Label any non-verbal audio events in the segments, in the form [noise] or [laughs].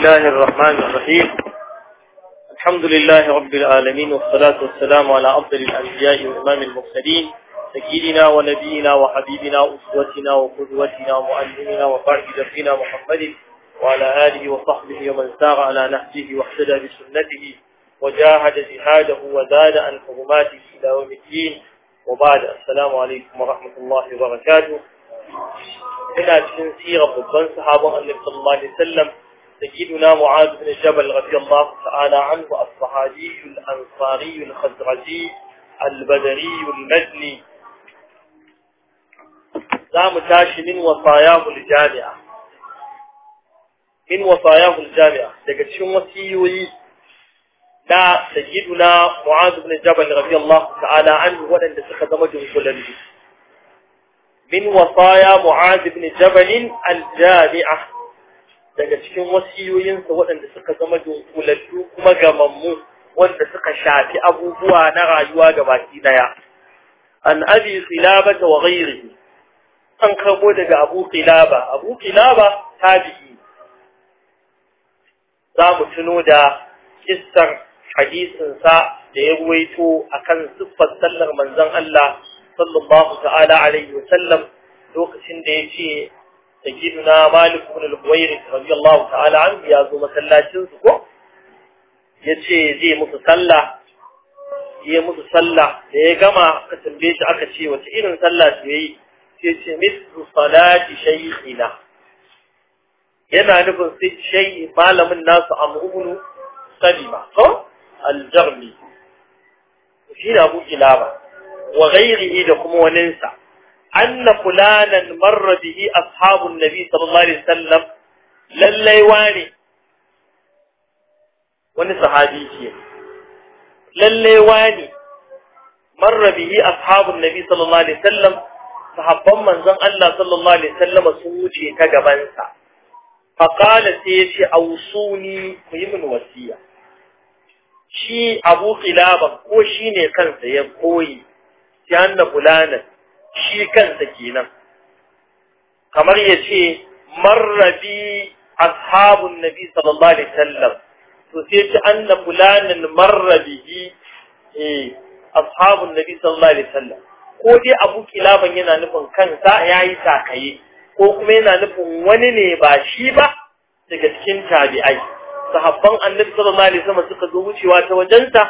الله الرحمن الرحيم الحمد لله رب العالمين والصلاة والسلام على أفضل الأنبياء وإمام المرسلين سيدنا ونبينا وحبيبنا أسوتنا وقدوتنا ومعلمنا وقائد دربنا محمد وعلى آله وصحبه ومن سار على نهجه واهتدى بسنته وجاهد جهاده وزاد عن حرماته إلى يوم الدين وبعد السلام عليكم ورحمة الله وبركاته ina cikin sirar babban sahabon annabi sallallahu alaihi wasallam سيدنا معاذ بن جبل رضي الله تعالى عنه الصحابي الأنصاري الخزرجي البدري المدني لا متاش من وصاياه الجامعة من وصاياه الجامعة لكن وصيوي لا سيدنا معاذ بن جبل رضي الله تعالى عنه ولن تخدم كل من وصايا معاذ بن جبل الجامعة daga cikin wasiyoyinsa waɗanda suka zama dunkulallu kuma gamammu wanda suka shafi abubuwa na rayuwa gabaki daya an abi khilabata wa ghairihi an karbo daga abu khilaba abu khilaba tabi'i za mu tuno da kissar hadisinsa da ya ruwaito akan siffar sallar manzon Allah sallallahu ta'ala alaihi wa sallam lokacin da ya سيدنا مالك بن الحويرث رضي الله تعالى عنه يا زو مسلاتين su ko yace zai musu sallah yi musu sallah da ya gama aka tambaye shi aka ce wace irin sallah su yayi sai ce mislu salati shaykhina yana nufin sai shayi malamin nasu amrunu salima ko aljarmi shi na abu kilaba wa ghairihi da kuma waninsa anna fulanan marra bihi ashabun nabi sallallahu alaihi lallai wane wani sahabi ce lallai wane marra bihi ashabun nabi sallallahu alaihi wasallam sahabban manzon Allah sallallahu alaihi wasallam wuce ta gabansa fa sai ya ce ausuni ku yi min wasiya shi Abu Qilaba ko shine kansa ya koyi sai anna shi kansa kenan kamar ya ce marrabi ashabun nabi sallallahu alaihi wasallam to sai ta anna fulanin marrabihi eh ashabun nabi sallallahu alaihi wasallam ko dai abu kilaban yana nufin kansa yayi takaye ko kuma yana nufin wani ne ba shi ba daga cikin tabi'ai sahabban annabi sallallahu alaihi wasallam suka zo wucewa ta wajenta,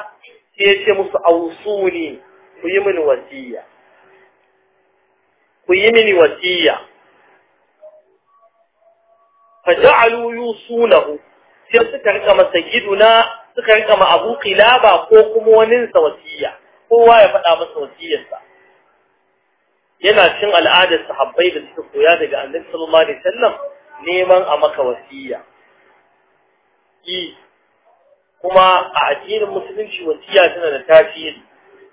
sai ya ce musu ausuni ku yi min wasiya ku yi mini wasiya fa ja'alu yusunahu sai suka rika masa giduna suka rika ma Abu Qilaba ko kuma waninsa wasiya kowa ya faɗa masa wasiyarsa yana cin al'adar sahabbai da suka koya daga Annabi sallallahu alaihi wasallam neman a maka wasiya kuma a addinin musulunci wasiya tana da tasiri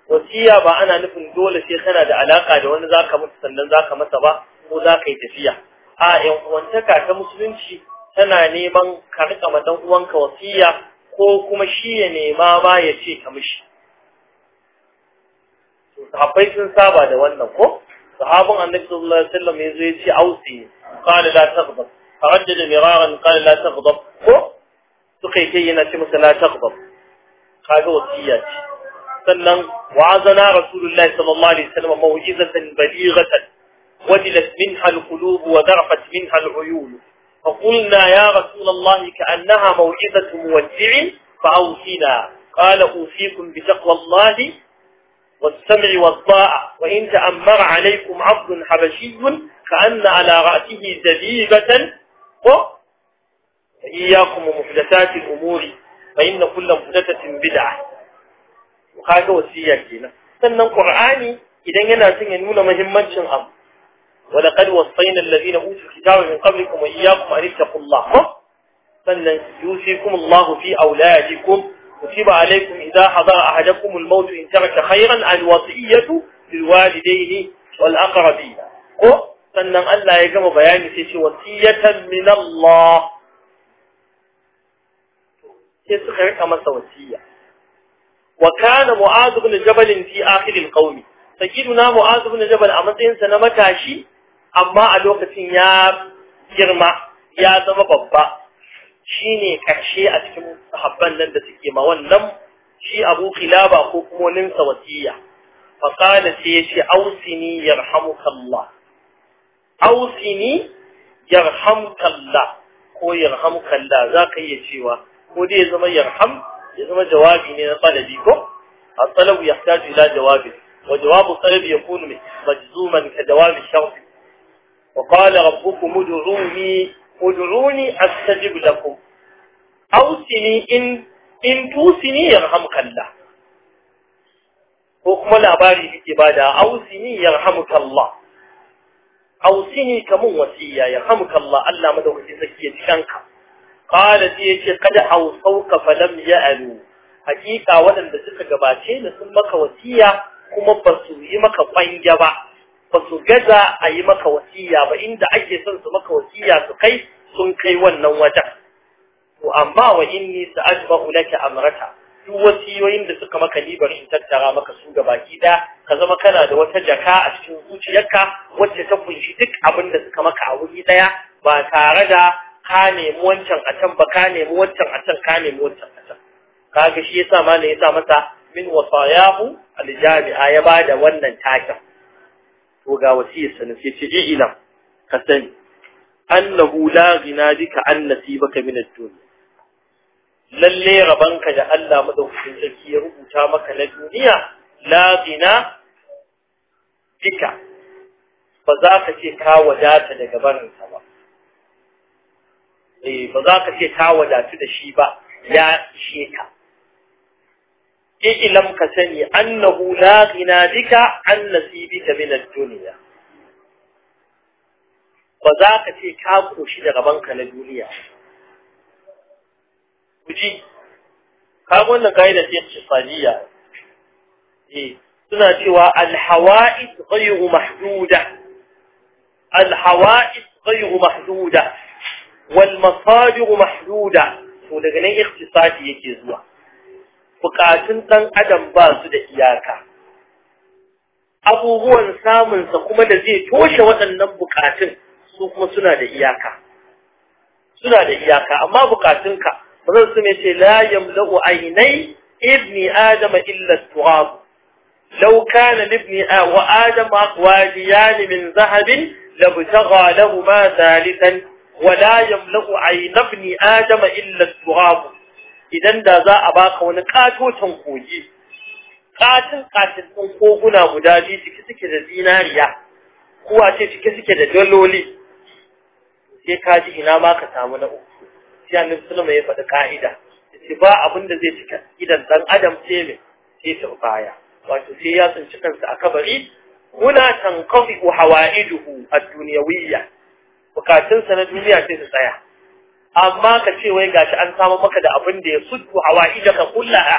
wasiya ba ana nufin dole sai tana da alaka da wani zaka mutu sannan zaka masa ba ko zaka yi tafiya a yan uwantaka ta musulunci tana neman ka rika ma dan uwanka wasiya ko kuma shi ya nema ba ya ce ka mishi sahabbai sun saba da wannan ko sahabin annabi sallallahu alaihi wasallam yazo ya ce ausi qala la taghdab faraddada miraran qala la taghdab ko suka kai yana ce masa la taghdab kaga wasiya ce وعظنا رسول الله صلى الله عليه وسلم موعظة بليغة ودلت منها القلوب وذرفت منها العيون فقلنا يا رسول الله كأنها موعظة مودع فأوصينا قال أوصيكم بتقوى الله والسمع والطاعة وإن تأمر عليكم عبد حبشي فأن على رأسه زبيبة وإياكم ومحدثات الأمور فإن كل محدثة بدعة kaga wasiya kenan sannan qur'ani idan yana son ya nuna muhimmancin abu ولقد wasayna alladhina utu kitaba min qablikum wa iyyakum an الله sannan yusikum Allahu fi awladikum kutiba alaykum idha hadara ahadakum almaut in taraka khayran alwasiyatu lilwalidayni walaqrabin ko sannan Allah ya gama bayani sai ce wasiyatan min Allah sai suka rika masa wasiya Wakana kana mu'az ibn jabal fi akhir al-qawm sayyiduna mu'az a matsayin sa na matashi amma a lokacin ya girma ya zama babba shine karshe a cikin sahabban nan da suke ma wannan shi Abu Kilaba ko kuma wani sa wasiya fa kana sai ya ce ausini yarhamukallah ausini yarhamkallah ko yarhamkallah zaka iya cewa ko dai zama yarham يسمى zama من ne الطلب يحتاج إلى جواب وجواب الطلب يكون مجزوما كجواب الشرط وقال ربكم ادعوني ادعوني أستجب لكم اوصني إن إن توصني يرحمك الله وكما في بكبادة اوصني يرحمك الله اوصني كمو وسيا يرحمك الله ألا مدوك سكية شنك qala sai yace kad awsauka falam ya'lu hakika waɗanda suka gabace ni sun maka wasiya kuma ba su yi maka kwanja ba ba su gaza a yi maka wasiya ba inda ake son su maka wasiya su kai sun kai wannan wajen to amma wa inni sa'ajba'u laka amrata duk wasiyoyin da suka maka ni bari in tattara maka su ga baki da ka zama kana da wata jaka a cikin zuciyarka wacce ta kunshi duk abin da suka maka a wuri daya ba tare da ka nemi wancan a can ba ka nemi wancan a can ka nemi wancan a can kaga shi yasa ma ne yasa masa min wasayahu aljami'a ya bada wannan takin to ga wasiyar sa sai ce ji ilam ka sani annahu la ghina bika an nasibaka min ad-dunya lalle rabanka da Allah madaukakin sarki ya rubuta maka na duniya la ghina bika ba za ka ce ka wadata daga barinsa ba Eh, ba za ka ce ta wadatu da shi ba ya ishe ka ilam ka sani annahu la ghina bika an nasibika min ad-dunya ba za ka ce ka koshi da rabanka na duniya kuji ka wannan kaida ce tsadiya eh suna cewa al-hawa'id ghayru mahduda al-hawa'id ghayru mahduda والمصادر محدودة ولغني اقتصادي يجيزوا فقاتن تن أدم باسد إياكا أبو هو انسام سقوم الذي توش وأنم بقاتن سقوم سنة إياكا سنة إياكا أما بقاتنك فرسم يتي لا يملأ عيني ابن آدم إلا التغاب لو كان لابن آدم وآدم أقواليان من ذهب لابتغى له ثالثا wala yamla'u ayna ibn adam illa turab idan da za a baka wani katotan kogi katin katin koguna guda biyu cike suke da zinariya kuwa ce cike suke da daloli sai ka ji ina ma ka samu na uku sai annabi sallallahu ya faɗi ka'ida sai ba abin da zai cika idan dan adam ce mai sai ta baya wato sai ya tsinci kansa a kabari muna tanqadi hawaiduhu ad-dunyawiyya bukatunsa na duniya sai su tsaya amma ka ce wai gashi an samu maka da abin da ya suddu hawa ida ka kulla kullaha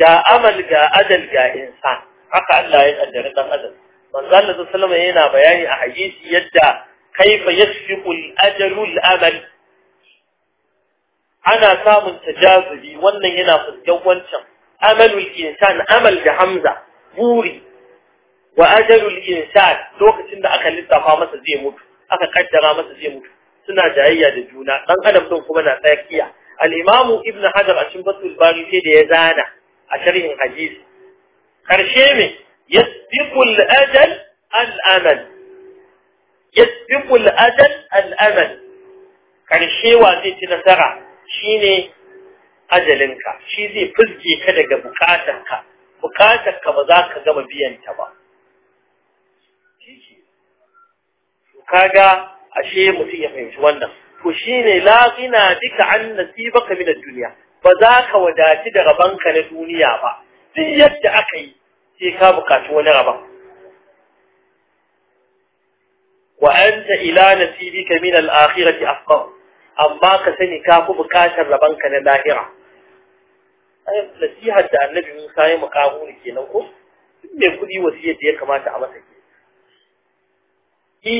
ga amal ga adal ga insa haka Allah ya kaddara dan adal. manzo Allah sallallahu alaihi yana bayani a hadisi yadda kaifa yasfiqu al ajru al-amal ana samun tajazubi wannan yana fuskan wancan amalul insan amal da hamza buri wa ajalul insan lokacin da aka lissafa masa zai mutu aka kaddara masa zai mutu suna jayayya da juna dan adam don kuma na tsakiya al-imam ibn hajar a cikin fatul bari sai da ya zana a sharhin hadis karshe me yasbiqu al-ajal al-amal yasbiqu al-ajal al-amal karshe wa zai ci nasara shine ajalinka shi zai fizge ka daga bukatarka bukatarka ba za ka gama biyan ta ba kaga ashe mutum ya fahimci wannan to shine la ina bika an nasibaka min ad-dunya ba za ka wadaci da rabanka na duniya ba duk yadda aka yi sai ka bukaci wani rabon wa anta ila nasibika min al-akhirati afqah amma ka sani ka fi bukatar rabanka na lahira nasihar da annabi Musa ya makamu ne kenan ko duk mai kuɗi wasiyar da ya kamata a masa ke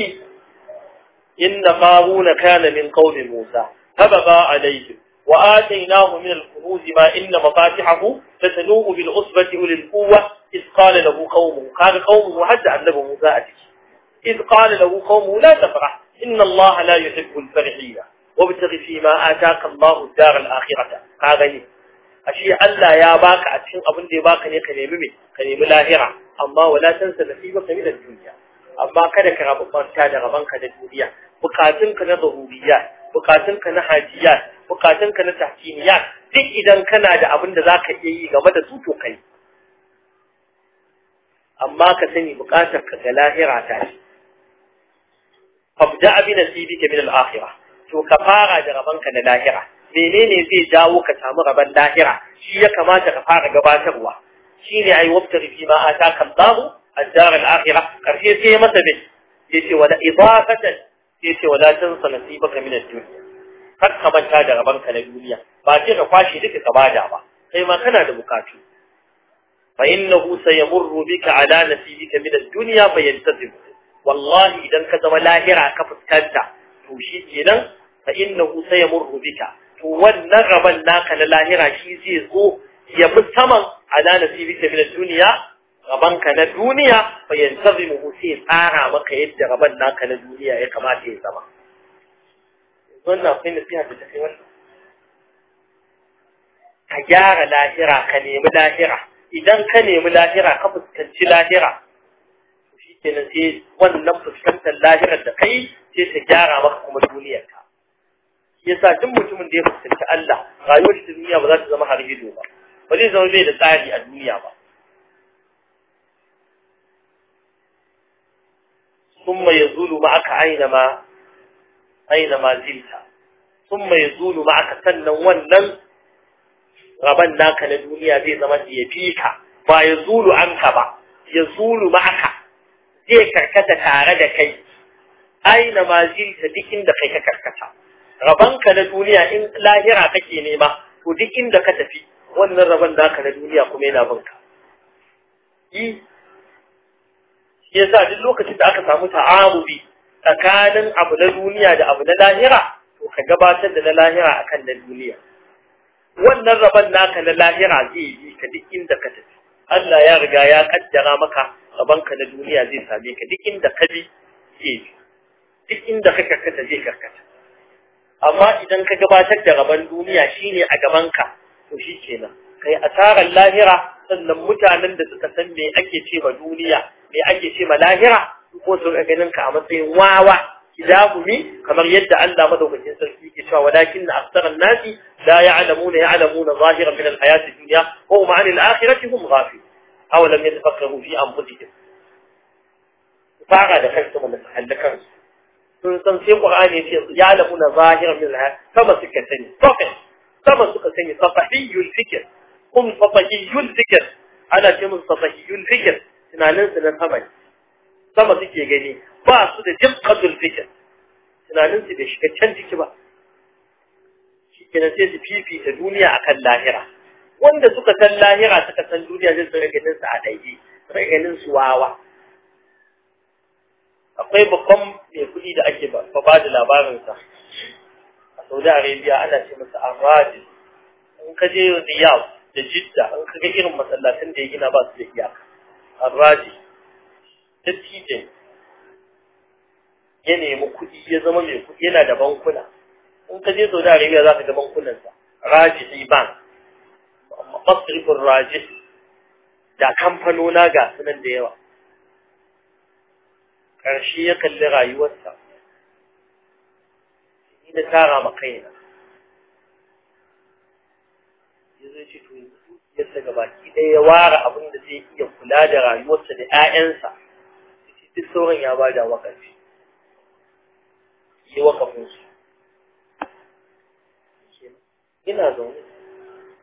إن قارون كان من قوم موسى فبغى عليهم وآتيناه من الكنوز ما إن مفاتحه فتنوء بالعصبة وللقوة إذ قال له قومه قال قومه حتى أنه موسى أتك إذ قال له قومه لا تفرح إن الله لا يحب الفرحين وابتغ فيما آتاك الله الدار الآخرة قاغني أشي ألا يا باك أتشن أبن دي باك نيقني نيمي قني ملاهرة أما ولا تنسى نصيبك من الدنيا amma kada ka rabu manta da rabanka da duniya bukatunka na bukatun bukatunka na hajiya bukatunka na tahkimiya duk idan kana da abin da zaka iya yi game da su to kai amma ka sani bukatar ka ga lahira ta shi fabda bi nasibika min al-akhirah to ka fara da rabanka na lahira menene zai jawo ka samu rabon lahira shi ya kamata ka fara gabatarwa shine ai wabtari fi ma ataka الدار الآخرة قرشي سي مسبه يشي ولا إضافة يشي ولا تنسى نصيبك من الدنيا kar ka manta da rabanka na duniya ba ce ka kwashe duka ka bada ba kai ma kana da bukatu fa innahu sayamurru bika ala nasibika min ad-dunya fayantazim wallahi idan ka zama lahira ka fuskanta to shi kenan fa innahu sayamurru bika to wannan raban naka na lahira shi zai zo ya fi saman ala nasibika ka na duniya fa yantazimu sai tsara maka yadda raban naka na duniya ya kamata ya zama wannan akwai nasiha da kai wannan ka gyara lahira ka nemi lahira idan ka nemi lahira ka fuskanci lahira shi kenan sai wannan fuskantar lahirar da kai sai ta gyara maka kuma duniyarka yasa duk mutumin da ya fuskanci Allah rayuwar duniya ba za ta zama hargido ba ba zai zama bai da tsari a duniya ba ثم يزول معك أينما أينما زلت ثم يزول معك سنن ونن غبن ناك لدنيا زي زمان يبيك ما يزول عنك با يزول معك زي كركتا تاردك أينما زلت دي إندك كركتا rabanka na duniya in lahira kake nema to duk inda ka tafi wannan raban naka na duniya kuma yana binka yi yasa duk lokacin da aka samu ta'amuli tsakanin abu na duniya da abu na lahira to ka gabatar da na lahira akan na duniya wannan rabon naka na lahira zai yi ka duk inda ka tafi Allah ya riga ya kaddara maka rabon ka na duniya zai same ka duk inda ka bi zai bi duk inda ka karkata zai karkata amma idan ka gabatar da rabon duniya shine a gaban ka to shikenan kai asarar lahira sannan mutanen da suka san me ake ce ma duniya me ake ce ma lahira ko su ga ganin ka a matsayin wawa kidabumi kamar yadda Allah madaukakin sarki ke cewa walakin na aksaran nasi la ya'lamuna ya'lamuna zahiran min al-hayat ad-dunya wa hum 'an al-akhirati hum ghafilun aw lam yatafakkaru fi anfusihim fara da kansu mun halla kansu sun san sai Qur'ani ya ce ya'lamuna zahiran min al-hayat kama suka sani faqih kama suka sani safahiyul fikr kun safahiyul fikr ana ce mun safahiyul fikr tunaninsu na sama ne sama suke gani ba su da jin kadul fikir tunaninsu bai shiga can ciki ba shi sai su fifita duniya akan lahira wanda suka san lahira suka san duniya zai tsare ganin su a daidai tsare ganin su wawa akwai babban mai kuɗi da ake ba da labarinsa a saudi arabia ana ce masa arrajin in ka je da jidda in ka ga irin masallatan da ya gina ba su da iyaka haraji tije ya nemi kuɗi ya zama mai kuɗi yana da bankuna in ka je saudi arabia za ka ga bankunansa sai ban. masrifin Raji da kamfanona ga sunan da yawa ƙarshe ya kalli rayuwarsa ina tara ma kaina ya zai tuni dukiyarsa ga baki ɗaya ya ware abin da zai iya kula da rayuwarsa da 'ya'yansa duk sauran ya ba da wakafi yi ina zaune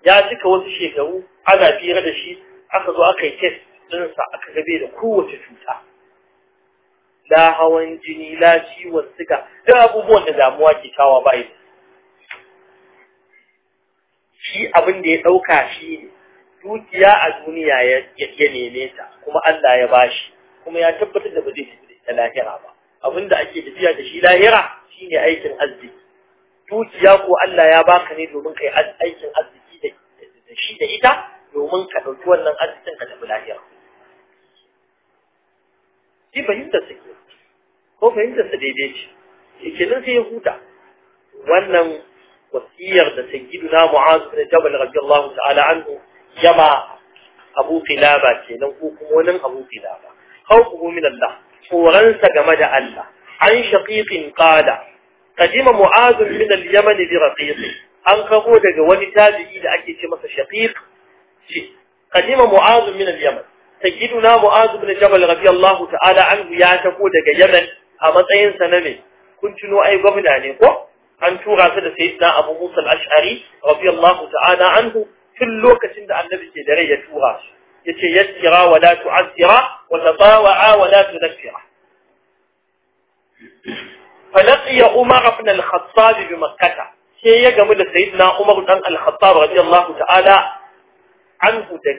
ya cika wasu shekaru ana fira da shi aka zo aka yi test ɗinsa aka gabe da kowace cuta la hawan jini la ciwon siga Da abubuwan da damuwa ke kawa ba shi abin da ya ɗauka shi ne. dukiya a duniya ya neme ta kuma Allah ya bashi kuma ya tabbatar da ba zai tafi da lahira ba abinda ake tafiya da shi lahira shine aikin arziki dukiya ko Allah ya baka ne domin kai aikin arziki da shi da ita domin ka dauki wannan arzikin ka tafi lahira shi fahimtar su ke ko fahimtar su daidai ce ikilin sai ya huta wannan wasiyar da sayyiduna mu'az bin jabal radiyallahu ta'ala anhu jama'a abu filaba kenan ko kuma wani abu filaba khawfuhu min Allah tsoransa game da Allah an shaqiqin qala qadima mu'az min al-yaman bi raqiq an kago daga wani tabi'i da ake ce masa shaqiq ce qadima mu'az min al-yaman sayyiduna mu'az bin jabal radiyallahu ta'ala anhu ya tago daga yaman a matsayin sa na ne kun tuno ai gwamna ne ko an tura su da sayyidina abu musa al-ash'ari radiyallahu ta'ala anhu tun lokacin da annabi ke da rai ya tura su yace yassira wa la tu'assira wa tatawa'a wa la umar فلقي عمر بن bi بمكة sai ya gamu da sayyidina Umar dan Al-Khattab radiyallahu ta'ala anhu da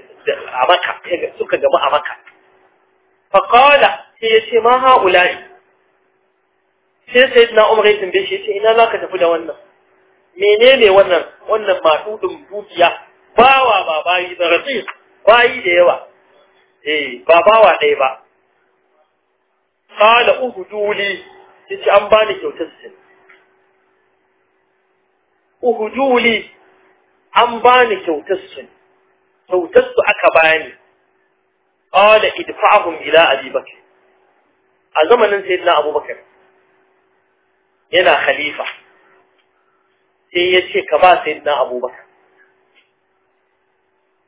a Makka suka gamu a Makka fa qala sai ce ma haula'i sai sayyidina Umar ya tambaye shi yace ina ka tafi da wannan menene wannan wannan madudin dukiya bawa ba bayi da rasis bayi da yawa eh ba bawa ɗaya ba qala uhduli yace an bani kyautar sin uhduli an bani kyautar sin kyautar su aka bani kala idfa'hum ila abi bakr a zamanin sayyidina abubakar yana khalifa sai ya ce ka ba sayyidina abubakar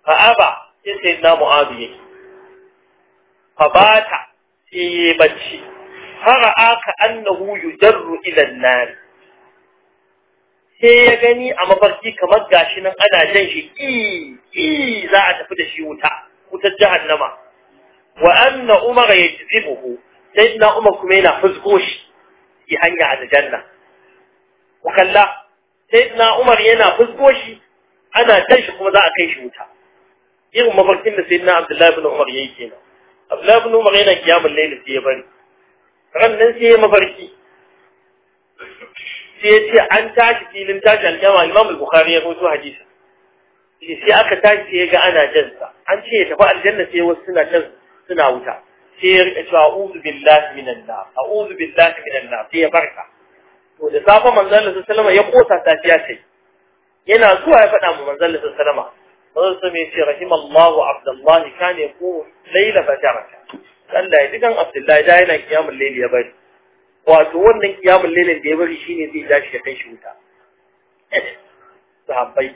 فأبى sai sayyidina Mu'adh yake fa bata sai yi bacci fara'a ka annahu yujarru ila an-nar sai ya gani a mafarki kamar gashi nan ana jan shi ki za a tafi da shi wuta wutar jahannama wa anna umar yajzibuhu sayyidina umar kuma yana fusgo shi yi hanya aljanna ku kalla sayyidina umar yana fusgo shi ana jan shi kuma za a kai shi wuta irin mafarkin da sayyidina abdullahi bin umar yayi kenan abdullahi bin umar yana kiyamul layl sai ya bari ran nan sai ya mafarki sai ya ce an tashi filin tashi alkiyama imam al-bukhari ya rawaito hadisi shi sai aka tashi ya ga ana jansa an ce ya tafi aljanna sai wasu suna can suna wuta sai ya rika cewa a'udhu billahi minan nar a'udhu billahi minan nar sai ya barka to da safa manzon Allah sallallahu alaihi wasallam ya kosa tafiya sai yana zuwa ya faɗa mu manzon Allah sallallahu alaihi wasallam manzon sa mai ce rahimallahu abdullahi kana yaqumu layla fajaraka Allah ya ji kan abdullahi da yana kiyamul layli ya bari wato wannan kiyamul laylin da ya bari shine zai ja shi kai shi wuta sahabbai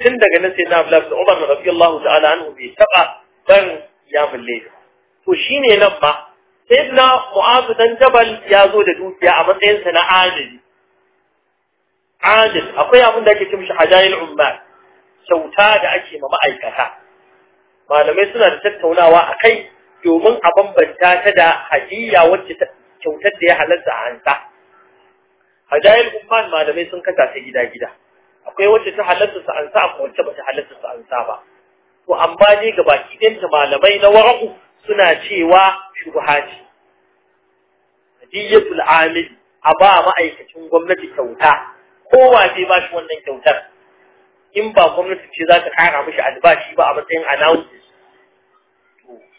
tun daga nan sai na Abdullahi da Umar radiyallahu ta'ala anhu bai taba ban kiyamul layli to shine nan ba sai na Mu'adh dan Jabal ya zo da dukiya a matsayin sa na adili adil akwai abin da ake a hajayil ummat kyauta da ake ma ma'aikata malamai suna da tattaunawa a kai domin a bambanta ta da hadiyya wacce kyautar da ya halatta a hanta hadayar umman malamai sun kasa ta gida-gida akwai wacce ta halatta su ansa akwai wacce ba ta halatta su ansa ba to amma ne ga baki ɗinta malamai na wara'u suna cewa shubhaci hadiyatul amil a ba ma'aikacin gwamnati kyauta kowa zai ba shi wannan kyautar in ba gwamnati ce za ta kara mishi albashi ba a matsayin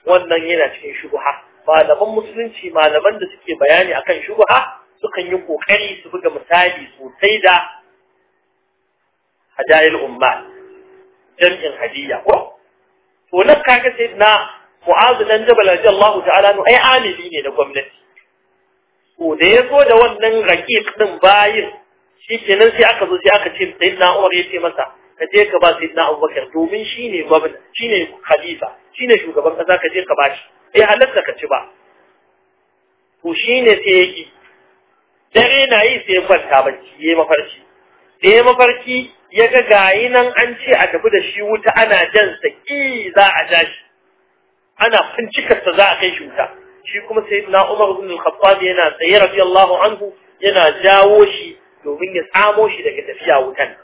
To wannan yana cikin shubha malaman musulunci malaman da suke bayani akan shubha sukan yi kokari su buga misali sosai da hadayil umma jam'in hadiya ko to nan kaga sai na mu'azu dan jabal radiyallahu ta'ala nu ai alibi ne da gwamnati to da ya da wannan raqiq din bayin shikenan sai aka zo sai aka ce sayyidina Umar ya ce masa ka je ka ba sayyidina abubakar domin shi shine gwamna shine khalifa ne shugaban ƙasa ka je ka ba shi bai halatta ka ci ba to ne sai yaki dare na yi sai kwanta bacci yi mafarki da ya mafarki ya ga gayi nan an ce a tafi da shi wuta ana jan sa ki za a ja shi ana fincikarsa za a kai shi wuta shi kuma sayyidina Umar ibn al-Khattab yana tsaye radiyallahu anhu yana jawo shi domin ya tsamo shi daga tafiya wutan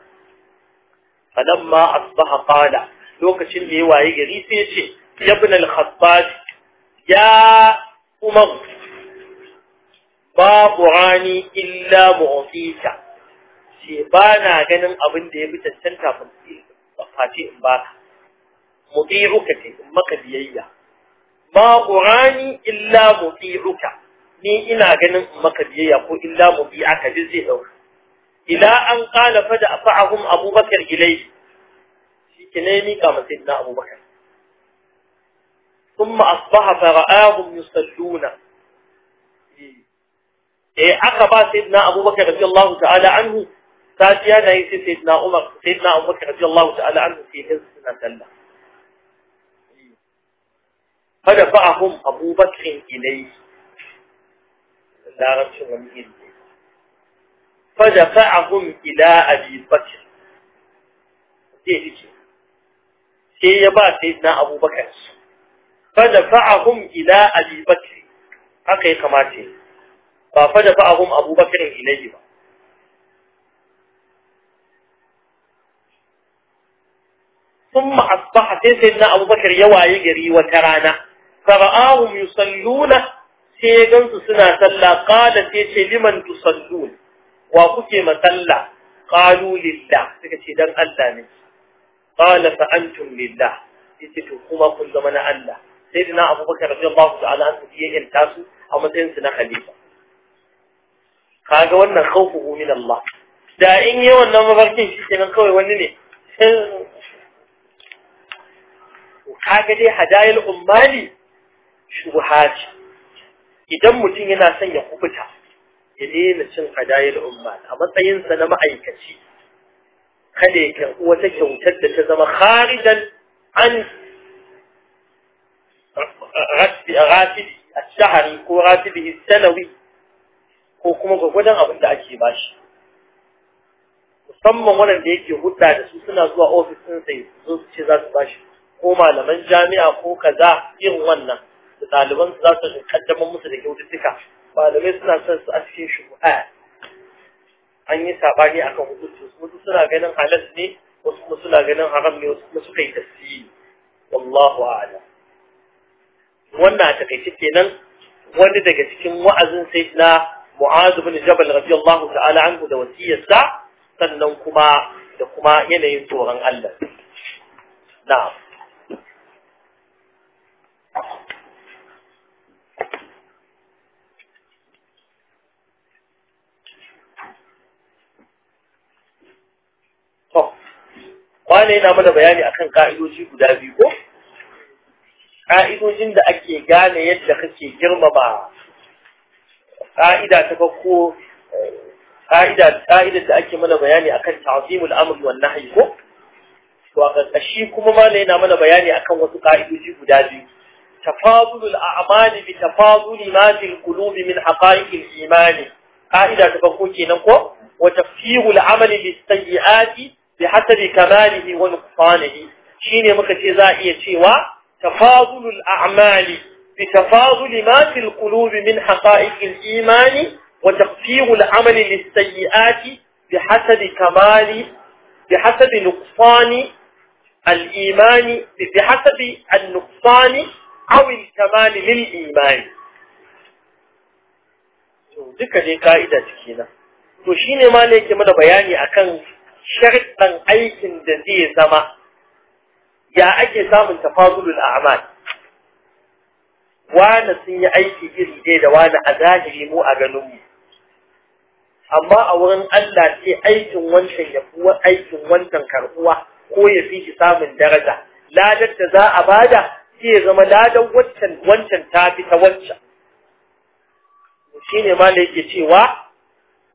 falamma asbaha qala lokacin da ya waye gari sai ya ce ya ibn ya umar babu rani illa mu'tita ce ba na ganin abin ya fi cancanta face in baka in maka biyayya ni ina ganin in maka biyayya ko illa muti'aka duk zai dauka إلى أن قال فدفعهم أبو بكر إليه في كنامي قام سيدنا أبو بكر ثم أصبح فرآهم يصلون إيه أخبا سيدنا أبو بكر رضي الله تعالى عنه ساتيا نايسي سيدنا عمر سيدنا أبو بكر رضي الله تعالى عنه في هزنا سلة فدفعهم أبو بكر إليه لا رجل من إليه فدفعهم إلى أبي بكر sai ya ba na abubakar fadafa'ahum ila abi bakr haka ya kamace ba fa fadafa'ahum abubakar ilayhi ba kuma asbaha sai na abubakar ya waye gari wata rana fara'ahum yusalluna sai ya gansu suna sallah qala sai ce liman tusalluna wa kuke masalla qalu lillah suka ce dan Allah ne qala fa antum lillah yace to kuma kun zama na Allah Sai sayyidina abubakar radiyallahu ta'ala an ya yanta tasu, a matsayin su na khalifa kaga wannan khawfuhu min Allah da in yi wannan mafarkin shi kenan kawai wani ne kaga dai hadayil ummali shubhat idan mutum yana son ya kubuta ya daina cin hadayar umma a matsayinsa na ma'aikaci kada ya wata kyautar da ta zama kharijan an rafidi a shahari ko rafidi sanawi ko kuma gwagwadon abin da ake bashi musamman waɗanda yake hudda da su suna zuwa ofis ɗin sai su ce za su bashi ko malaman jami'a ko kaza irin wannan da ɗaliban su za su kaddamar musu da kyaututtuka malamai suna son su a cikin shubuha an yi sabani akan hukuncin su wasu suna ganin halal ne wasu kuma suna ganin haram ne wasu kuma suka yi tasiri wallahu wannan a takaice kenan wani daga cikin wa'azin sai na Mu'az bin Jabal radiyallahu ta'ala anhu da wasiyarsa sannan kuma da kuma yanayin tsoron Allah na'am wani yana mana bayani akan ka'idoji guda biyu ko ka'idojin da ake gane yadda kake girmama ka'ida ta farko ka'ida ka'idar da ake mana bayani akan ta'zimul amr wan nahyi ko to a ƙarƙashi kuma ma yana mana bayani akan wasu ka'idoji guda biyu tafadulul a'mali bi tafaduli ma fil qulubi min haqa'iqil imani ka'ida ta farko kenan ko wa tafsirul amali bis sayyi'ati بحسب كماله ونقصانه شين مكتي زائية شيوا تفاضل الأعمال بتفاضل ما في القلوب من حقائق الإيمان وتقصير العمل للسيئات بحسب كمال بحسب نقصان الإيمان بحسب النقصان أو الكمال للإيمان duka dai ka'ida cikina to shine ma ne yake mana bayani akan sharɗan aikin da zai zama ya ake samun tafazulul a'mal wani sun yi aiki iri ɗaya da wani a zahiri mu a ganin mu amma a wurin Allah ce aikin wancan ya fi aikin wancan karbuwa ko ya fi shi samun daraja ladar da za a bada sai zama ladar wancan wancan ta fi ta wancan shi ne ma da yake cewa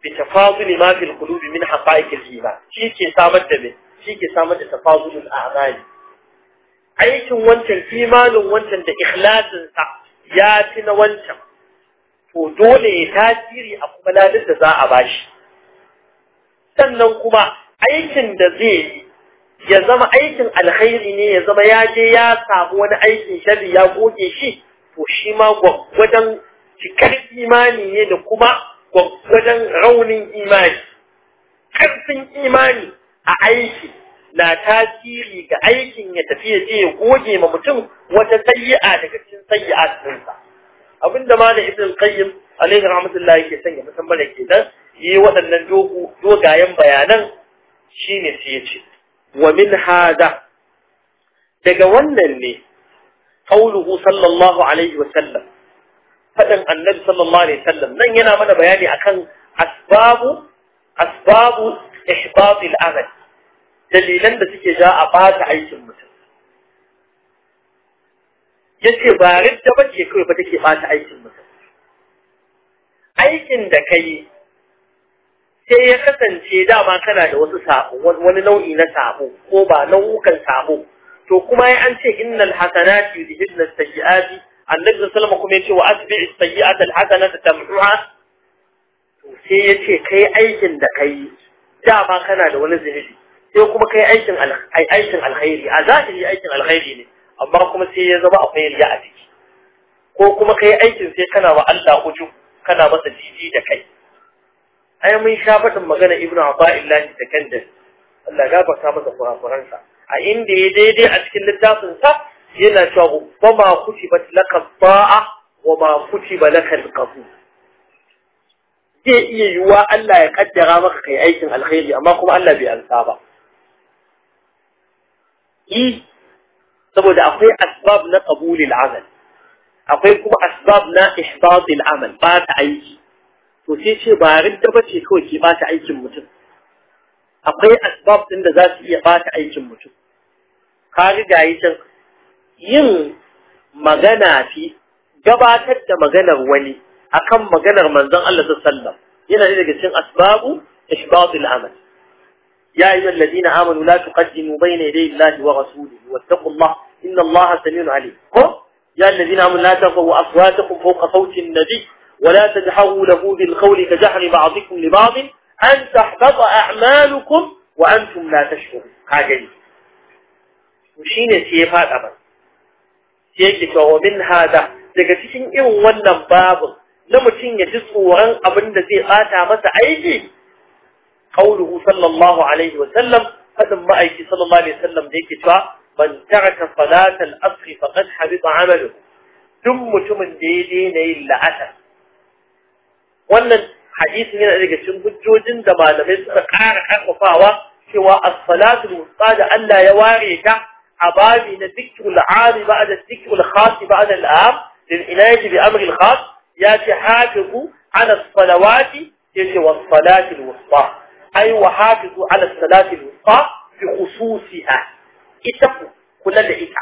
bi tafazuli ma fil qulubi min haqa'iqil iman shi ke samar da me shi ke samar da tafazulul a'mali aikin wancan imanin wancan da ikhlasin sa ya fi na wancan to dole ya tasiri a kuma ladin da za a bashi sannan kuma aikin da zai yi ya zama aikin alkhairi ne ya zama ya je ya samu wani aikin shari ya goge shi to shi ma gwaggwadon cikar imani ne da kuma wajen raunin imani ƙarfin imani a aiki na tasiri ga aikin ya tafi ya je ya goge ma mutum wata sayi'a daga cikin sayyi'a ɗinsa abinda malam ibn qayyim alaihi rahmatullahi ke sanya musamman ya yi waɗannan dogayen bayanan shine sai ya ce wa min hada daga wannan ne qauluhu sallallahu alaihi wa faɗin annabi sallallahu alaihi wasallam nan yana mana bayani akan asbabu asbabu ihbab al-amal dalilan da suke ja a bata aikin mutum yace ba ridda bace kai ba take bata aikin mutum aikin da kai sai ya kasance dama kana da wasu sabo wani nau'i na sabo ko ba nau'ukan sabo to kuma ya an ce innal hasanati yudhibnas as-sayyi'ati annabi sallallahu alaihi kuma yace wa asbi'is sayyi'ata alhasanata tamhuha to sai yace kai aikin da kai dama kana da wani zunubi sai kuma kai aikin aikin alkhairi a zahiri aikin alkhairi ne amma kuma sai ya zama akwai riya a ciki ko kuma kai aikin sai kana wa Allah uju kana masa jiji da kai ai mun sha faɗin magana ibnu aba'illahi da kanda. Allah gafarta masa kurakuransa a inda ya daidai a cikin littafin sa yana cewa ba ma "Bama ba laka ba'a wa ma ba laka alqabu ke iya yuwa Allah ya kaddara maka kai aikin alkhairi amma kuma Allah bai ansa ba yi saboda akwai asbab na qabulil al'amal akwai kuma asbab na ihbad al'amal ba ta aiki to sai ce ba ridda bace kawai ke ba ta aikin mutum akwai asbab din da za su iya ba ta aikin mutum ka riga yi yin magana fi gabatar da maganar wani akan maganar manzon Allah sallallahu alaihi wasallam yana daga cikin asbabu ishbatul amal ya ayyuha alladhina amanu la tuqaddimu bayna yaday Allahi wa rasulihi wattaqullaha inna Allaha samiun alim ko ya alladhina amanu la taqaw aswatakum fawqa sawti an-nabi wa la tajharu lahu bil qawli kajahri ba'dikum li ba'd an tahbata a'malukum wa antum la tashkurun kage shine sai ya fada ba yake cewa min hada daga cikin irin wannan babu na mutum ya ji tsoron abin da zai bata masa aiki qauluhu sallallahu alaihi wa sallam ba aiki sallallahu alaihi wa sallam da yake cewa man taraka salata al-asr faqad habita amaluhu dum mutumin da ya daina yin la'asar wannan hadisin yana daga cikin hujjojin da malamai suka ƙara ƙarfafawa cewa as-salatu mustada Allah ya ware ta عبابي الذكر العام بعد الذكر الخاص بعد العام للعناية بأمر الخاص ياتي حافظوا على الصلوات ياتي والصلاة الوسطى أي وحافظوا على الصلاة الوسطى بخصوصها اتقوا كل لعيكا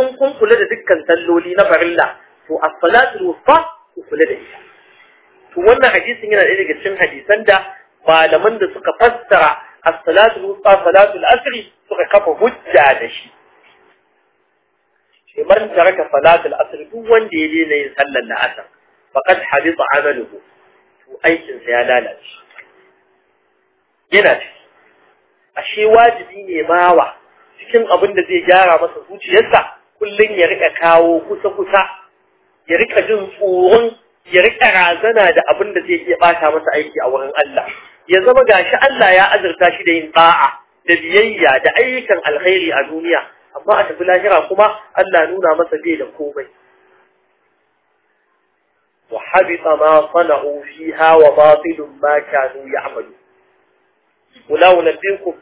إن كنت كل ذكا تلولي نبر الله فالصلاة الوسطى كل لعيكا to wannan hadisin yana ɗaya daga cikin ما لمن دسك فسر الصلاة الوسطى صلاة الأسر تقف مجزة لشي في من ترك صلاة الأسر دون ديلين يسهل الأسر فقد حبط عمله أي جنس يا لالا جنات الشيء واجبين يماوى سكن أبن الذي جارى مثل سوتي يسع كلن يرئ كاو كسا كسا يرئ جنس أورن يرئ عازنا دا أبن الذي يباشى مثل أيدي أورن الله ya zama gashi Allah ya azurta shi da yin ba'a da biyayya da ayyukan alkhairi a duniya amma a tafi lahira kuma Allah nuna masa bai da komai wa habita ma sana'u fiha wa batilun ma kanu ya'malu ulau wala unabbiukum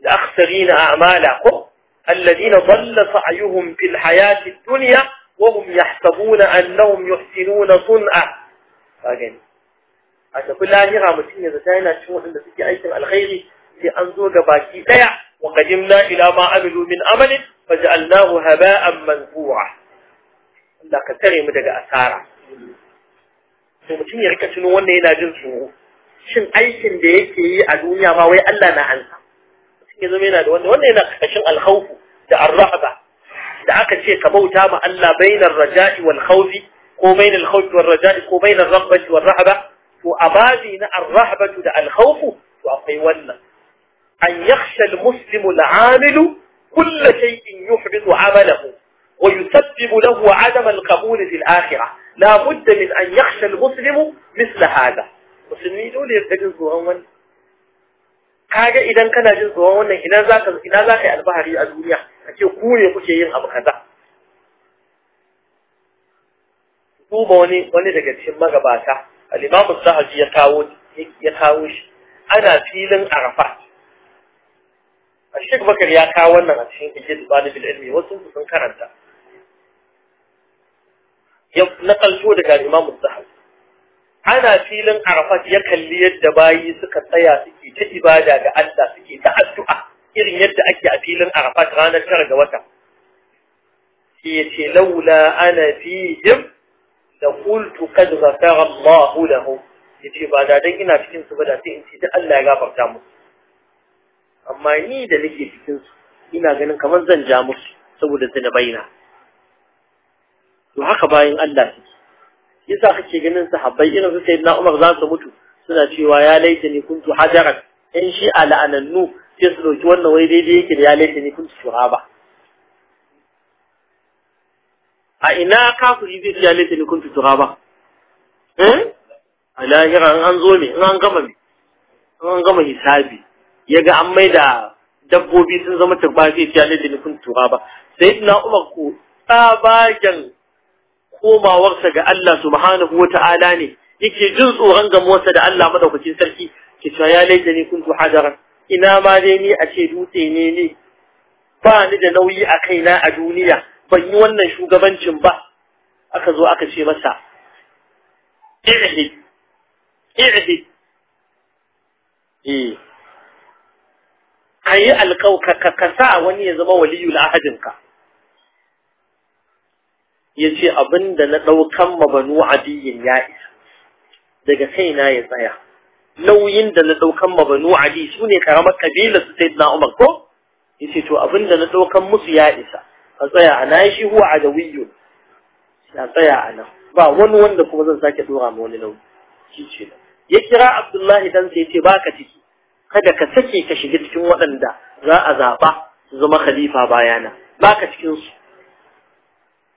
الأخسرين أعمالهم الذين ضل سعيهم في الحياة الدنيا وهم يحسبون أنهم يحسنون صنعا a tafi lahira mutum ya zata yana cin waɗanda suke aikin alkhairi sai an zo ga baki ɗaya wa qadimna ila ma amilu min amalin faj'alnahu haba'an manthura Allah ka tare mu daga asara to mutum ya rika tuno wannan yana jin tsoro shin aikin da yake yi a duniya ma wai Allah na ansa mutum ya zama yana da wannan wannan yana kashin alkhawfu da arraba da aka ce ka bauta ma Allah bainar raja'i wal khawfi ko bainal khawfi wal raja'i ko bainar raghbati wal rahaba أبادينا الرهبة دا الخوف وقيولنا أن يخشى المسلم العامل كل شيء يحبط عمله ويسبب له عدم القبول في الآخرة لا بد من أن يخشى المسلم مثل هذا مسلمين أولي يبدأ الزوان هذا إذا كان يجل الزوان إذا ذاك إذا ذاك البحر الدنيا أكيو كوي يكوشي ينهب كذا دوبوني وني دقيت شمك باشا al-imam az ya kawo ya kawo shi ana filin arafat Sheikh Bakar ya kawo wannan a cikin Ijid Talibul Ilmi wasu sun karanta Na nakalto daga Imam Zahabi ana filin Arafat ya kalli yadda bayi suka tsaya suke ta ibada ga Allah suke ta addu'a irin yadda ake a filin Arafat ranar tara ga wata sai ya ce laula ana fi fihim da qultu kad ghafara Allahu lahum yace ba da dan ina cikin su ba da sai in ci da Allah ya gafarta musu amma ni da nake cikin su ina ganin kamar zan ja musu saboda zina baina to haka bayin Allah yasa kake ganin sahabbai irin su sayyidina Umar za su mutu suna cewa ya laita ni kuntu hajaran in shi ala anannu sai su dauki wannan wai daidai yake da ya laita ni kuntu shuraba a ina kafiri zai ya laifin ni kuntu turaba ba? Eh? a lahira in an zo me in an gama me in an gama hisabi ga an maida dabbobi sun zama ba zai ce laita ni ba. sai ina umar ko tsabagen komawarsa ga Allah subhanahu wa ta'ala ne yake jin tsoron gamuwarsa da Allah madaukakin sarki ke cewa ya laita ni kun hadaran ina ma dai ni a ce dutse ne ni ba ni da nauyi a kaina a duniya ban yi wannan shugabancin ba aka zo aka ce masa irhid irhid eh ka yi alkau ka sa wani ya zama waliyul ahadinka ya ce abin da na ɗaukan mabanu adiyin ya isa daga na ya tsaya nauyin da na ɗaukan mabanu adi su ne karamar kabila su sai na umar ko ya ce to abin da na ɗaukan musu ya isa a tsaya a na shi huwa adawiyyu Ya tsaya a nan ba wani wanda kuma zan sake dora ma wani nauyi shi ce ya kira abdullahi dan sai ce baka ciki kada ka sake ka shiga cikin waɗanda za a zaɓa su zama khalifa bayana baka cikin su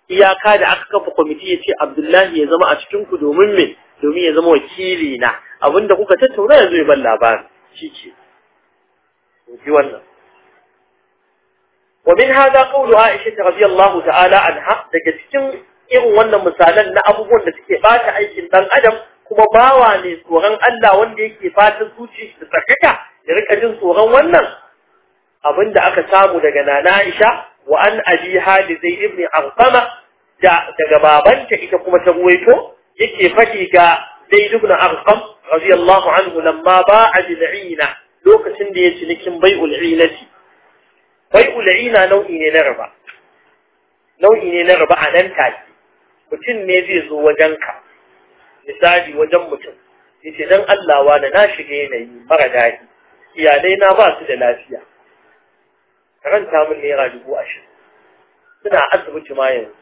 iyaka da aka kafa kwamiti ya ce abdullahi ya zama a cikinku ku domin me domin ya zama wakili na abinda kuka tattauna yanzu ya ban labarin shi ce wannan ومن هذا قول Aisha ta الله تعالى عنها daga cikin irin wannan misalan na abubuwan da suke bata aikin ɗan adam kuma bawa ne tsoron Allah wanda yake fatan zuci da tsakaka ya rika jin tsoron wannan abinda aka samu daga nana Aisha wa an abi hali zai ibn da daga babanta ita kuma ta ruwaito yake faɗi ga zaid ibn arqam radiyallahu anhu lamma a bil'ina lokacin da ya cinikin bai'ul inati bai ula'ina nau'i ne na riba nau'i ne na riba a nan take mutum ne zai zo wajenka misali wajen mutum yace dan Allah wa na shiga yanayi mara daɗi iyalai na ba su da lafiya karanta min naira dubu ashirin suna asibiti ma yanzu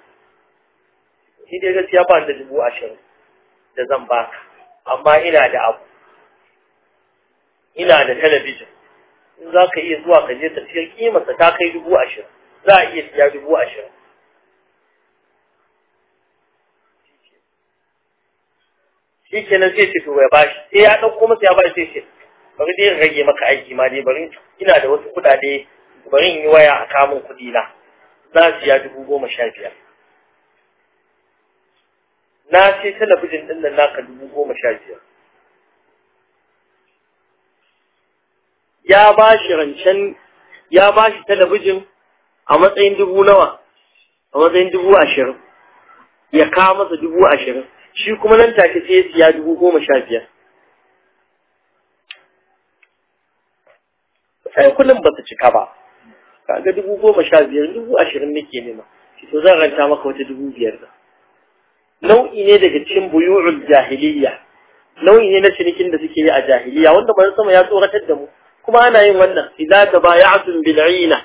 shi dai gaskiya ba da dubu ashirin da zan baka amma ina da abu ina da talabijin in za ka iya zuwa ka je ka siyar kimarsa ta kai dubu ashirin za a iya siya dubu ashirin shi kenan sai ce ya bashi sai ya ɗauko masa ya bashi sai ce bari dai in rage maka aiki ma dai bari ina da wasu kuɗaɗe bari in yi waya a kamun kuɗi na na siya dubu goma sha biyar na sai talabijin ɗin nan naka dubu goma sha biyar ya ba shi rancen ya ba shi talabijin a matsayin dubu nawa a matsayin dubu ashirin ya kawo masa dubu ashirin shi kuma nan take sai ya siya dubu goma sha biyar sai kullum ba su cika ba kaga dubu goma sha biyar dubu ashirin nake nema shi to zan ranta maka wata dubu biyar da nau'i ne daga cikin buyu'ul jahiliya nau'i ne na cinikin da suke yi a jahiliya wanda manzon sama ya tsoratar da mu كما أنا يقولنا إذا تبايعتم بالعينة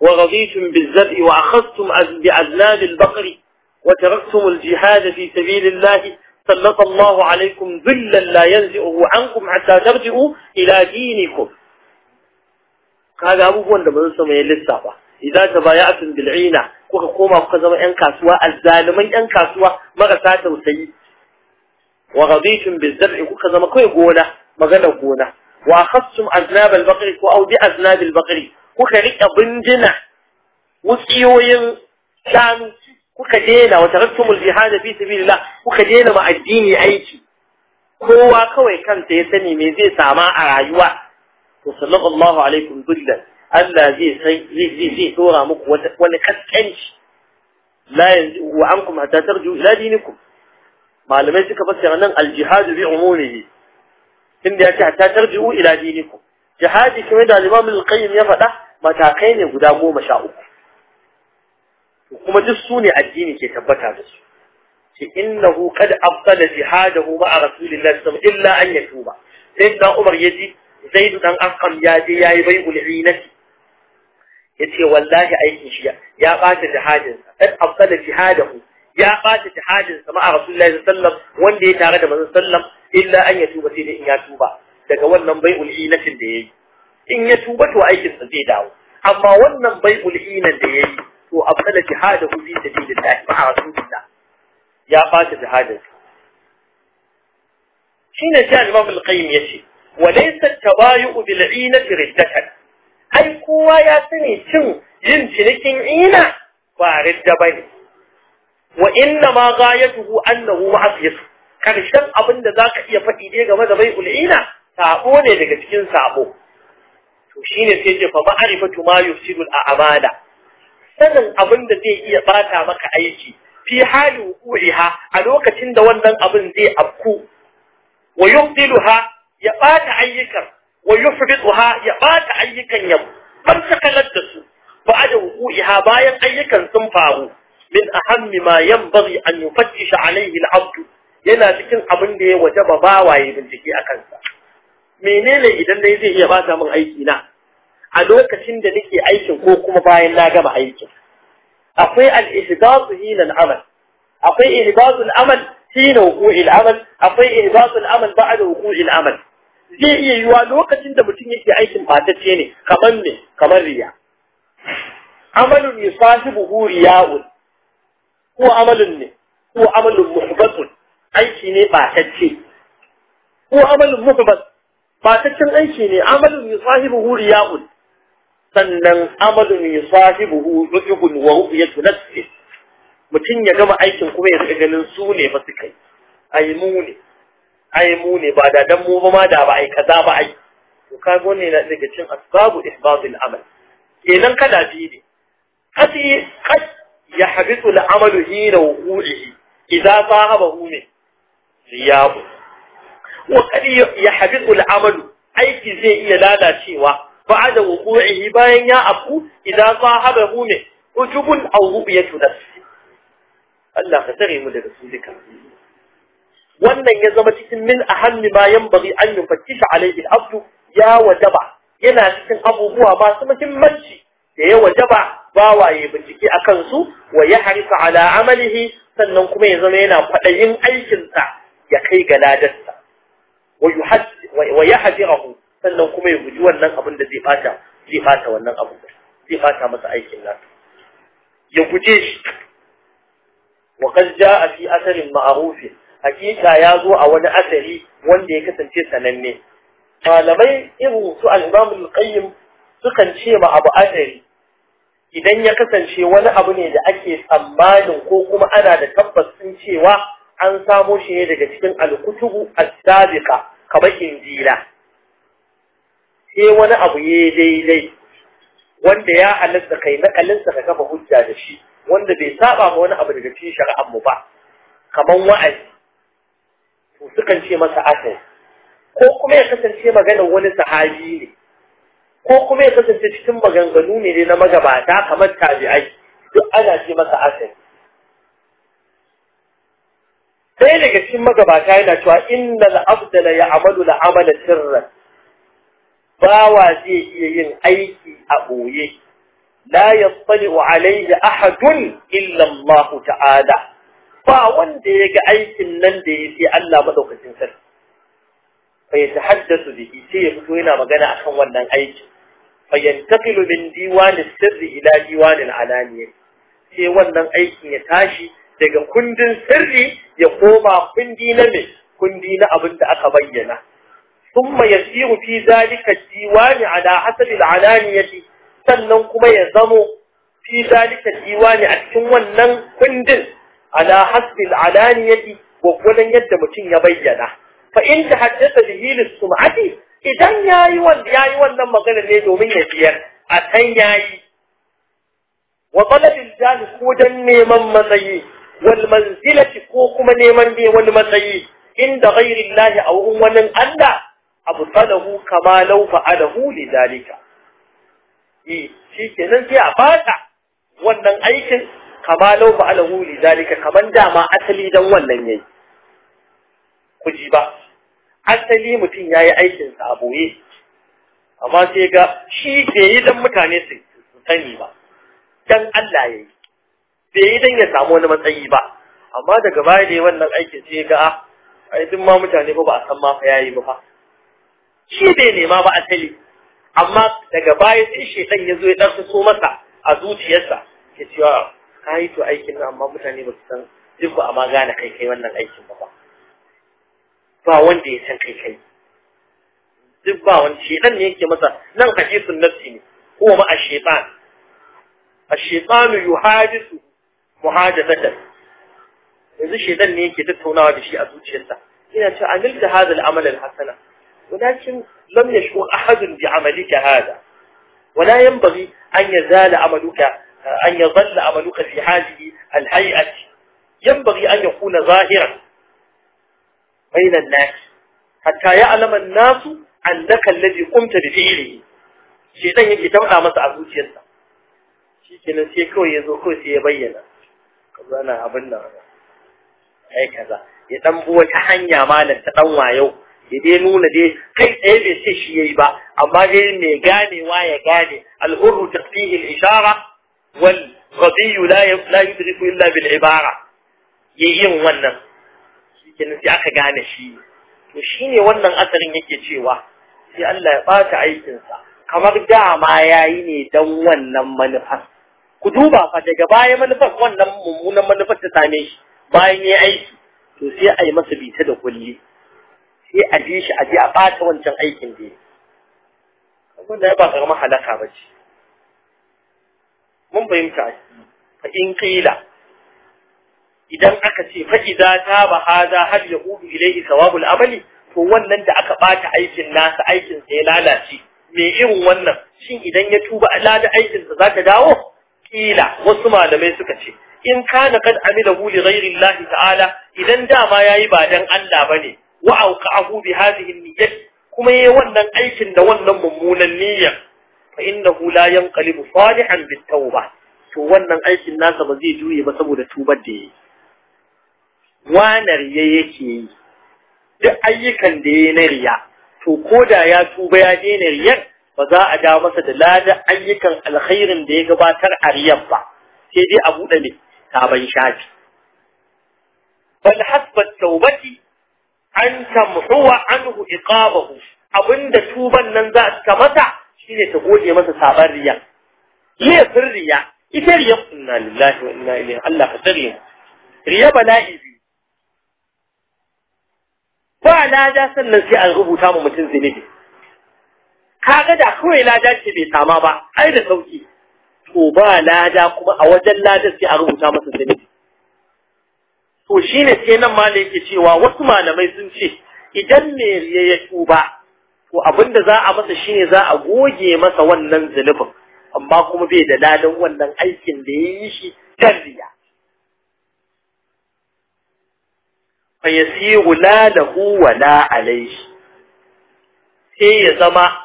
وغضيتم بالزرع وأخذتم بأذناب البقر وتركتم الجهاد في سبيل الله سلط الله عليكم ذلا لا ينزئه عنكم حتى ترجعوا إلى دينكم هذا أبو هو عندما نسمى للسابة إذا تبايعتم بالعينة وقوم أفقزم أنكاسوا الزالمين أنكاسوا مغساتوا سيد وغضيتم بالزرع وقوم أفقزم كوي قونا مغلو قونا واخذتم اذناب البقر او دي اذناب البقر كخريق بنجنة وسيوين شانو كخدينة وتردتم الجهاد في سبيل الله كخدينة مع الدين ايكي هو كوي كان تيسني ميزي ساماء عيوة وصلق الله عليكم ذلا ألا زي زي زي زي زي دورا مكو ونقد كنش لا وعمكم حتى ترجو إلى دينكم معلمين سيكا بس الجهاد بعمومه inda ya ce hatta tarji'u ila dinikum jihadi kuma da Imam al-Qayyim ya faɗa matakai ne guda goma sha uku kuma duk su ne addini ke tabbata da su ce innahu qad afdala jihadahu ma'a rasulillahi sallallahu alaihi illa an yatuba sai da Umar yaji Zaid dan Arqam ya je yayi bai'ul inati yace wallahi aikin shi ya bata jihadin qad afdala jihadahu ya bata jihadin sa ma'a rasulillahi sallallahu alaihi wanda ya tare da manzon sallallahu illa an ya tuba sai dai in ya tuba daga wannan bai'ul hinatin da yayi in ya tuba to aikin sa zai dawo amma wannan bai'ul hinan da yayi to abdala jihadahu fi sabilillah ma'a rasulillah ya fata jihadin shine sai Imam al-Qayyim yace walaysa tabayu bil inati riddatan ai kowa ya sani cin yin cinikin ina ba ridda bane wa inna ma ghayatuhu annahu ma'asiyatu karshen abin da zaka iya fadi dai game da bai ul'ina sabo ne daga cikin sabo to shine sai ce fa ma'rifatu ma yufsidu al'amala sanin abin da zai iya bata maka aiki fi hali wuqu'iha a lokacin da wannan abin zai afku wa yubdiluha ya bata ayyukan wa yufriduha ya bata ayyukan ya ban sakalar da su ba da wuqu'iha bayan ayyukan sun faru min ahammi ma yanbaghi an yufattisha alayhi al-'abdu yana cikin abin da ya waje ba bawaye bincike a kansa menene idan dai zai iya bata min aiki na a lokacin da nake aikin ko kuma bayan na gama aikin akwai al-ihdath hina al-amal akwai ihdath al-amal hina wuqu'i al-amal akwai ihdath al-amal ba'da wuqu'i al-amal zai iya yiwa lokacin da mutum yake aikin fatacce ne kamar ne kamar riya amalun yusahibu riya'un ko amalun ne ko amalun muhbatun aiki ne batacce ko amalin muhbas bataccen aiki ne amalin huri riya'un sannan amalin yusahibuhu rujubun wa ru'yatu nafsi mutum ya gama aikin kuma ya saka ganin su ne ba su kai ai mu ne ai mu ne ba da dan mu ba ma da ba ai kaza ba ai to ka wannan yana daga cin asbabu ihbabil amal kenan kada biyu ne kasi kas ya habitu al amalu hina wuqu'ihi idza sahabahu ne riyabu wa qad Habibu al-amalu aiki zai iya lalacewa ada wuku'i bayan ya afku idan haba hume ujubun aw ru'yatu nafsi Allah ka tare mu daga su wannan ya zama cikin min ahammi ma yanbaghi an yufakkisha alayhi al-abdu ya wajaba yana cikin abubuwa masu muhimmanci da ya wajaba ba waye bincike a su wa ya harisa ala amalihi sannan kuma ya zama yana kwaɗayin aikinsa ya kai ga ladarsa wa ya sannan kuma ya guji wannan abin da zai fata zai fata wannan abu zai fata masa aikin nan. ya guje shi wa qad jaa fi asarin ma'ruf hakika ya zo a wani asari wanda ya kasance sananne malamai irin su al-imam sukan ce ma abu asari idan ya kasance wani abu ne da ake tsammanin ko kuma ana da tabbas cewa an samo shi ne daga cikin alkutubu as-sabiqa kamar injila sai wani abu ya daidai wanda ya halatta kai na nakalinsa ka kafa hujja da shi wanda bai saba ma wani abu daga cikin shari'ar mu ba kamar wa'azi to sukan ce masa asali ko kuma ya kasance maganar wani sahabi ne ko kuma ya kasance cikin maganganu ne na magabata kamar tabi'ai duk ana ce masa asali Sai daga cikin magabata yana cewa inna al'abda la ya'malu la'amala sirran bawa zai iya yin aiki a ɓoye la yattali'u alayhi ahadun illa Allah ta'ala ba wanda ya ga aikin nan da ya sai Allah madaukakin sarki fa tahaddasu da sai ya fito yana magana akan wannan aikin fa yantaqilu min diwanis sirri ila diwanil alaniya sai wannan aikin ya tashi daga kundin sirri ya koma kundi na me kundi na abin da aka bayyana thumma yasiru fi zalika diwani ala hasabil alaniyati sannan kuma ya zamo fi zalika diwani a cikin wannan kundin ala hasabil alaniyati gwaggwadon yadda mutum ya bayyana fa in ta haddasa bihil sum'ati idan yayi wannan yayi wannan magana ne domin ya biyar a kan yayi wa talabil ko dan neman matsayi walmanzilati ko kuma neman ne wani matsayi inda lahi a wurin wani Allah abu salahu kama dalika fa'alahu shi ke nan sai a fata wannan aikin kama law fa'alahu dalika kaman dama asali dan wannan yayi ku ji ba asali mutum yayi aikin sa aboye amma sai ga shi ke yi dan mutane su sani ba dan Allah yayi bai dan ya samu wani matsayi ba amma daga baya da wannan aikin sai ga ah, ai duk ma mutane ba a san ma fa yayi ba fa shi bai nema ba asali amma daga baya sai shedan ya zo ya dan so masa a zuciyarsa ke cewa kai to aikin nan amma mutane ba su san duk ba a ma gane kai kai wannan aikin ba ba wanda ya san kai kai duk ba wani shedan ne yake masa nan hadisun nafsi ne ko ma a shedan الشيطان يحادث muhadafatan yanzu shedan ne yake tattaunawa da shi a zuciyarsa ina cewa amilta hadha al-amal al-hasana ولكن لم يشعر أحد بعملك هذا an ينبغي amaluka يزال عملك أن يظل عملك في هذه الهيئة ينبغي أن يكون ظاهرا بين الناس حتى annaka alladhi qumta bi fi'lihi shedan yake tauna masa a zuciyarsa shi kenan sai kawai yazo zo kawai sai ya bayyana wannan abin nan ai kaza ya dan bi wata hanya malam ta dan wayo ya dai nuna dai kai tsaye bai ce shi yayi ba amma dai mai ganewa ya gane al-hurru taqfihi al-ishara wal ghabi la la yudriku illa bil ibara yayin wannan shikenan sai aka gane shi to shine wannan asarin yake cewa sai Allah ya bata aikinsa kamar dama yayi ne dan wannan manufar ku duba fa daga baya manufar wannan mummunan manufar ta same shi bayan ya aiki to sai a yi masa bita da kulli sai a ji shi a je a ɓata wancan aikin da ya wanda ya ba karamar halaka ba ce mun fahimta fa in kila. idan aka ce fa idza taba har ya yaudu ilayhi thawabul amali to wannan da aka ɓata aikin nasa aikin sa ya lalace me irin wannan shin idan ya tuba a aikin sa zaka dawo kila wasu malamai suka ce in kana kad hu li ghairi Allah ta'ala idan dama yayi ba dan Allah bane wa auqa'ahu bi hadhihi niyyah kuma yayi wannan aikin da wannan mummunan niyya fa innahu la yanqalibu salihan bit tauba to wannan aikin nasa ba zai juye ba saboda tubar da yayi wanar ya yake yi duk ayyukan da yayi na riya to koda ya tuba ya daina riyar ba za a ja masa da lada ayyukan alkhairin da ya gabatar a riyan ba sai dai a buɗe ne sabon shafi bal hasbat tawbati an tamhuwa anhu iqabahu abinda tuban nan za ta mata shine ta goge masa sabon riya laifin riya ita riya inna lillahi wa inna ilaihi Allah ka tsare mu riya bala'i ba lada sannan sai an rubuta mu mutum zinibi kaga da kawai lada ce bai sama ba ai da sauki to ba lada kuma a wajen lada sai a rubuta masa zunubi to shine sai nan ma yake cewa wasu malamai sun ce idan me ya tuba to abinda za a masa shine za a goge masa wannan zunubin amma kuma bai da ladan wannan aikin da ya yi shi kan riya fa yasiru la lahu wa la alayhi sai ya zama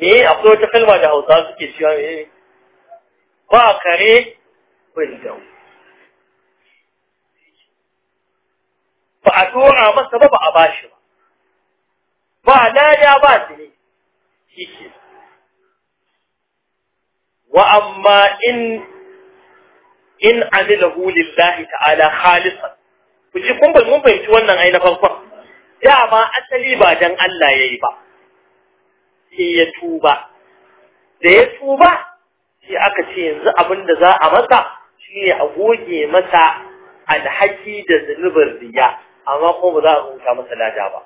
me akwai wata kalma da hausa suke cewa ne eh, ba kare bindau ba a tura masa ba ba a bashi ba ba lada ba su ne shi ke wa amma in in amilahu lillahi ta'ala khalisan ku ji kun fahimci wannan ai farkon dama asali ba dan Allah ya yi ba sai ya tuba da ya tuba sai aka ce yanzu abin da za a masa shine a goge masa alhaki da zunubin riya amma ko ba za a rubuta masa lada ba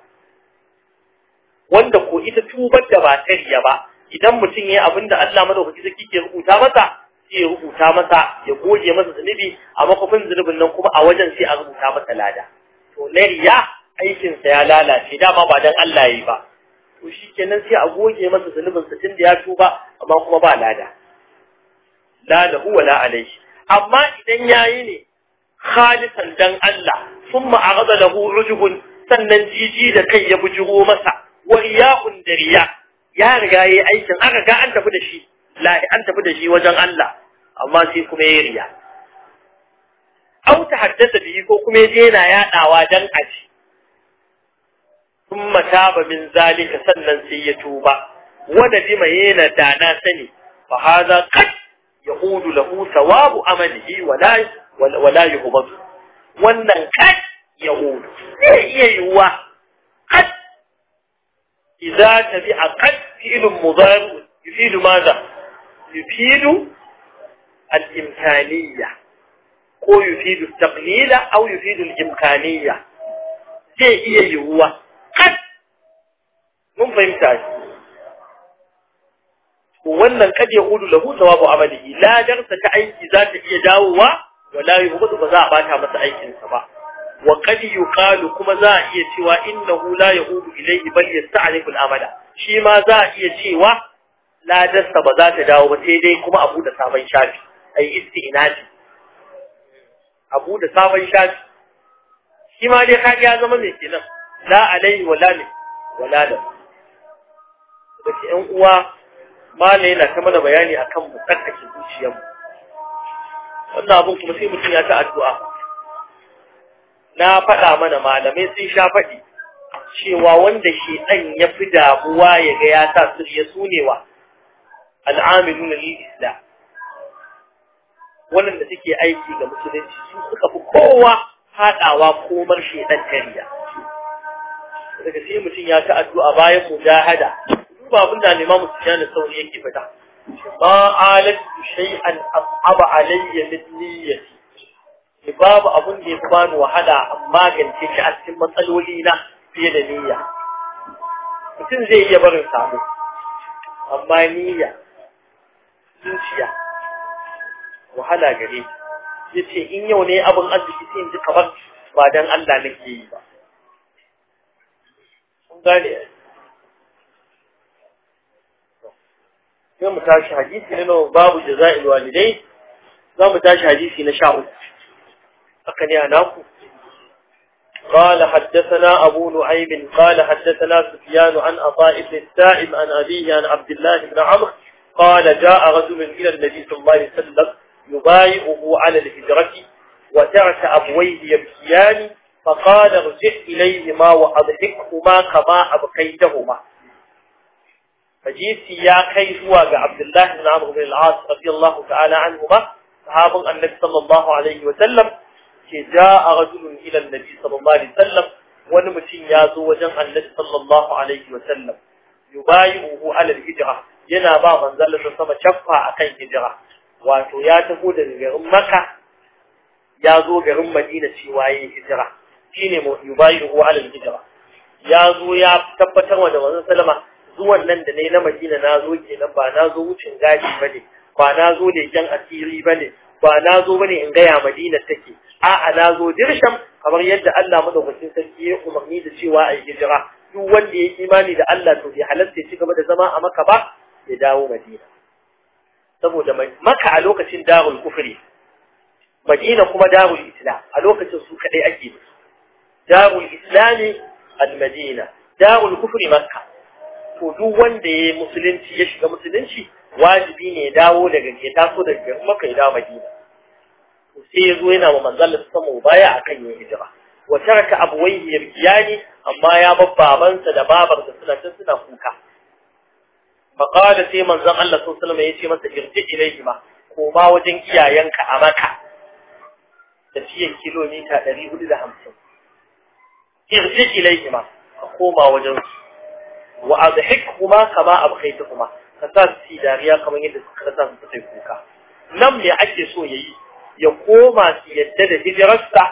wanda ko ita tubar da ba ta riya ba idan mutum ya abin da Allah madaukaki zaki ke rubuta masa sai ya rubuta masa ya goge masa zunubi a makofin zunubin nan kuma a wajen sai a rubuta masa lada to na riya aikinsa ya lalace dama ba dan Allah yi ba to shi kenan sai a goge masa zunubinsa tun da ya tuba amma kuma ba lada la da huwa la alaihi amma idan yayi ne khalisan dan Allah thumma aghada lahu sannan jiji da kai ya bujiro masa wa riya'un da riya ya riga yayi aikin aka ga an tafi da shi lahi an tafi da shi wajen Allah amma sai kuma yayi riya au ta haddasa bihi ko kuma yana yadawa dan aji ثم تاب من ذلك سنن سيتوبا ونجم ينا دانا سني فهذا قد يقول له ثواب أمنه ولا ولا يهمد وأن قد يقول يهوى إيوه. قد إذا تبع قد يفيد المضارع يفيد ماذا يفيد الإمكانية أو يفيد التقليل أو يفيد الإمكانية يهوى إيوه. mun fahimta shi wannan kada ya udu lahu thawabu amalihi ladarsa ta aiki za ta iya dawowa wala yuhdu ba za a bata masa aikin sa ba wa kad yuqalu kuma za a iya cewa innahu la yaudu ilayhi bal yasta'liku al-amala shi ma za a iya cewa ladarsa ba za ta dawo ba sai dai kuma abu da sabon shafi ai istinadi abu da sabon shafi shi ma dai kaga ya zama mai kenan la alayhi wala ni wala da daga yan uwa mala yana ta mana bayani akan mu tsakake zuciyar mu wannan abun kuma sai mutum ya ta addu'a na faɗa mana malamai sun sha faɗi cewa wanda ɗan ya fi damuwa ya ga ya sa ya sunewa al'amilu na lilisla waɗanda suke aiki ga musulunci su suka fi kowa haɗawa komar ɗan kariya daga sai mutum ya ta addu'a bayan mujahada duk abin da Imam Sufyan sauri yake fita. ba alatu shay'an asaba alayya min niyyati babu abin da ya bani wahala amma gance shi a cikin matsaloli na fiye da niyya mutum zai iya barin sabo amma niyya zuciya wahala gare shi yace in yau ne abin arziki sai in ji kamar ba dan Allah nake yi ba kun gane sai mu tashi hadisi ne babu jaza'il walidai za mu tashi hadisi na sha uku قال حدثنا أبو نعيم قال حدثنا سفيان عن عطاء بن السائب عن أبيه عن عبد الله بن عمرو قال جاء رجل إلى النبي صلى الله عليه وسلم يبايعه على الهجرة وترك أبويه يبكيان فقال ارجع إليهما وأضحكهما كما أبقيتهما فجيت سياقي هو عبد الله بن عمرو بن العاص رضي الله تعالى عنهما صحاب النبي صلى الله عليه وسلم جاء رجل الى النبي صلى الله عليه وسلم ونمشي يازو وجه النبي صلى الله عليه وسلم يبايعه على الهجرة ينا با من ذلك شفا أكي هجرة واتو يا تفود غير مكة يازو غير مدينة شوائي هجرة كينمو يبايعه على الهجرة يازو يا تبتر ونمشي zuwan nan da ne na madina na zo kenan ba na zo wucin gadi ba ne ba na zo leƙen asiri ba ne ba na zo ba ne in gaya madina take a'a na zo dirsham kamar yadda Allah madaukakin sarki ya umarni da cewa a hijira duk wanda ya imani da Allah to bai halatta ya ci gaba da zama a maka ba ya dawo madina saboda maka a lokacin darul kufri madina kuma darul islam a lokacin su kadai ake darul islami al madina darul kufri makka to duk wanda ya musulunci ya shiga musulunci wajibi ne dawo daga ke taso da ke maka ya dawo madina to sai ya zo yana ma manzon Allah samu baya akan yin hijira wa taraka abawayhi ne? amma ya bar babansa da babarsa suna tun suna kuka faqala sai manzon Allah sallallahu alaihi wasallam ya ce masa irji ko koma wajen iyayenka a maka tafiyan kilomita 450 irji ma ko koma wajen su wa kuma kama abkhaytuhuma ka sa su dariya kamar yadda suka sa su kai kuka nan me ake so yayi ya koma su yadda da hijirarsa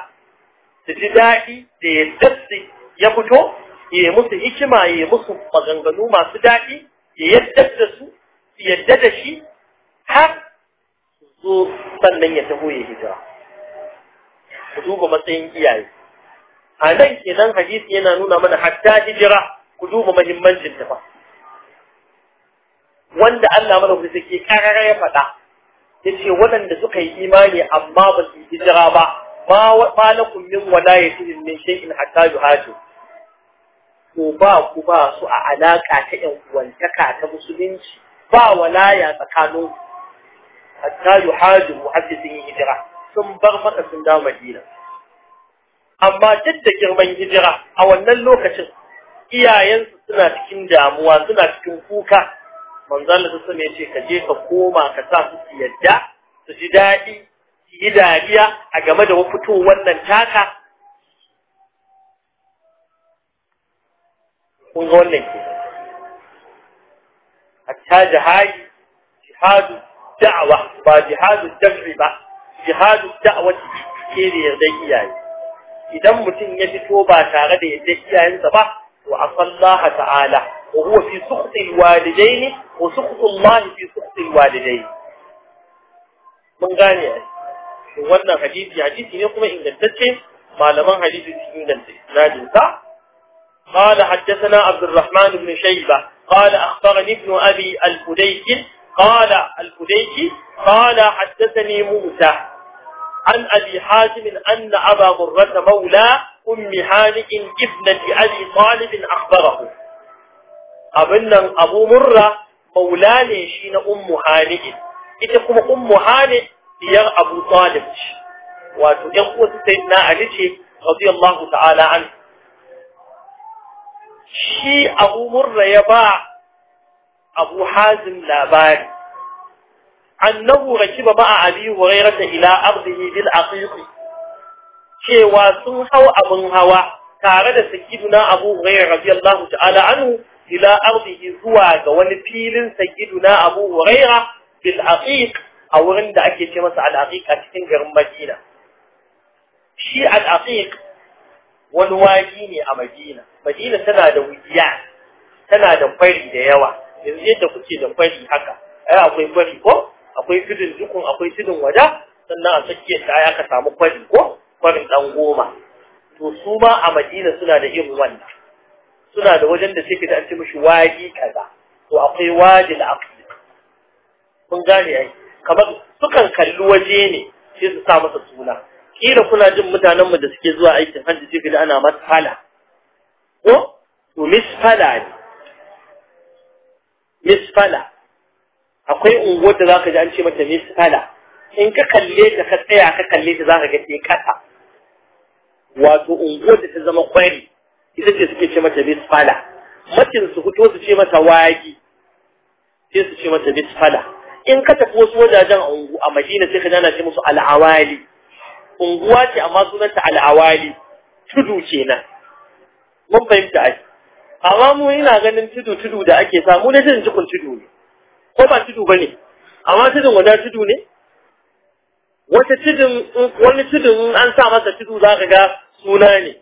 su ji daɗi da yadda su ya fito ya musu hikima ya musu maganganu masu daɗi ya yadda da su yadda da shi har zo sannan ya taho ya hijira ku duba matsayin iyaye a nan kenan hadisi yana nuna mana hatta hijira kujuma duba muhimmancin ta wanda Allah mana ku take karara ya fada yace wadanda suka yi imani amma ba su hijira ba ma wa lakum min walayatihim min shay'in hatta yuhaju ko ba ku ba su a alaka ta yan uwantaka ta musulunci ba walaya tsakanin hatta yuhaju muhaddisin hijira sun bar maka sun da madina amma duk da girman hijira a wannan lokacin iyayensu suna cikin damuwa suna cikin kuka manzo Allah sai ya ce ka je ka koma ka sa su yadda su ji daɗi su yi dariya a game da fitowar wannan taka kun ga wannan ke A ta jihadi jihadu da'awa ba jihadu jam'i ba jihadu da'awa ke da yardar iyaye idan mutum ya fito ba tare da yardar iyayensa ba وعصى الله تعالى وهو في سخط الوالدين وسخط الله في سخط الوالدين من gane يعني wannan hadisi hadisi ne kuma ingantacce malaman hadisi su inganta قال حدثنا عبد الرحمن بن شيبة قال أخبرني ابن أبي الفديك قال الفديك قال حدثني موسى عن أبي حازم أن أبا مرة مولى أم هانئ ابنة أبي طالب أخبره أبنا أبو مرة مولاني شين أم هانئ إتقم أم هانئ ديار أبو طالب وتقوى سيدنا علي رضي الله تعالى عنه شي أبو مرة يباع أبو حازم hazin labari annahu rakiba ma'a abi hurairata ila ardihi bil cewa sun hau abin hawa tare da sakiduna abu hurairah radiyallahu ta'ala anhu ila yi zuwa ga wani filin sakiduna abu hurairah bil aqiq a wurin da ake ce masa al a cikin garin madina shi al aqiq wani waji ne a madina madina tana da wuya tana da fari da yawa yanzu yadda kuke da fari haka ai akwai fari ko akwai tudun dukun akwai tudun wada sannan a tsakiyar ta aka samu fari ko kwarin ɗan goma to su ma a madina suna da irin wannan suna da wajen da suke da an ce mishi wadi kaza to akwai wadi da aqsa kun gane ai kamar sukan kalli waje ne sai su sa masa suna kila kuna jin mutanen mu da suke zuwa aikin hajji sai da ana masfala ko to misfala ne misfala akwai unguwar da zaka ji an ce mata misfala in ka kalle ta ka tsaya ka kalle ta zaka ga sai kasa wato unguwar da ta zama kwari ita ce suke ce mata misfala macin su fito su ce mata wayaki sai su ce mata misfala in ka tafi wasu wajajen a madina sai ka jana ce musu al'awali unguwa ce amma sunanta al'awali tudu kenan mun fahimta ai amma mu ina ganin tudu tudu da ake samu ne tudun tukun tudu ne ko ba tudu bane amma tudun wanda tudu ne wata tudun wani tudun an sa masa tudu za ka ga suna ne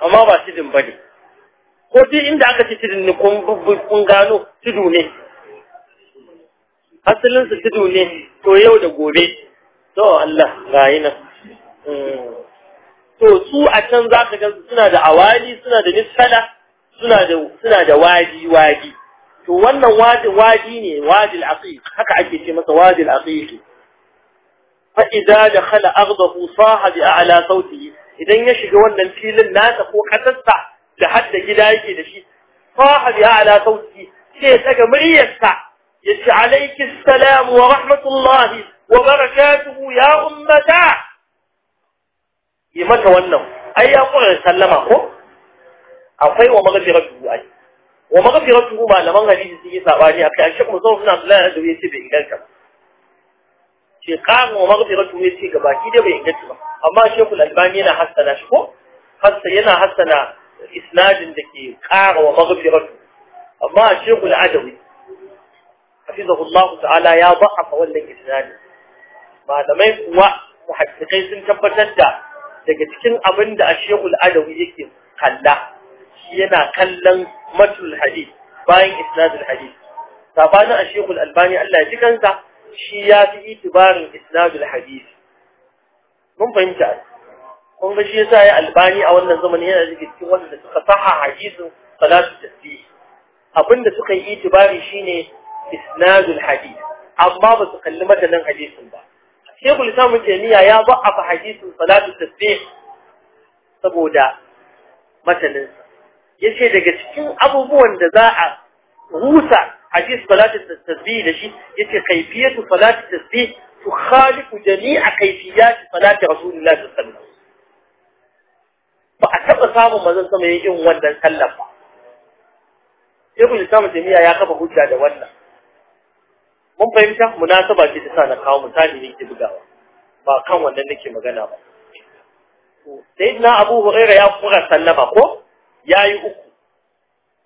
amma ba tudun ba ne ko duk inda aka ci tudun ne kun gano tudu ne asalin su tudu ne to yau da gobe to Allah ga yi nan to su a can za ka ga suna da awali suna da nisfala suna da suna da wadi wadi to wannan waji wadi ne wadi al-aqiq haka ake ce masa wadi al-aqiq فإذا دخل أغضه صاح بأعلى صوته إذا يشيك وأن فيه لما تقول حتى تسع لحد جلائك نشي صاح بأعلى صوته كيف أكمري يسع يشي عليك السلام ورحمة الله وبركاته يا أمة إما تولنه أي أمر سلمه أخي ومغفرته أي ومغفرته ما لمن هذه السيئة سعباني أبلي أشك مصور من عبد الله أدو يسيب كبير ce qamu maghfiratu ya ce gabaki da bai inganta ba amma shekul albani yana hassana shi ko hassa yana hassana isnadin da ke ƙara wa maghfiratu amma shekul adawi hafizahullahu ta'ala ya ba'afa wannan isnadin malamai kuwa muhaddiqai sun tabbatar da daga cikin abin da shekul adawi yake kalla shi yana kallon matul hadith bayan isnadul hadith sabanin shekul albani Allah ya ji kansa shi ya fi itibarin isnadul hadisi mun fahimta kun ga shi yasa ya albani a wannan zamanin yana da cikin wanda suka saha hadisin salatu tasbih abinda suka yi itibari shine isnadul hadisi, amma ba su kalli matanin hadisin ba shekul islam taymiya ya ba ba'afa hadisin salatu tasbih saboda matanin ya ce daga cikin abubuwan da za a rusa حديث صلاة التسبيح لشي يتي كيفية صلاة التسبيح تخالف جميع كيفيات صلاة رسول الله صلى الله عليه وسلم فأتبقى صاحب مزل سمع يجيهم وانا سلم يقول الإسلام الجميع يا كفا هجة وانا من fahimta مناسبة ce ta sa na kawo misali ne ke bugawa ba kan wannan nake magana ba sayyidina abu hurairah ya kura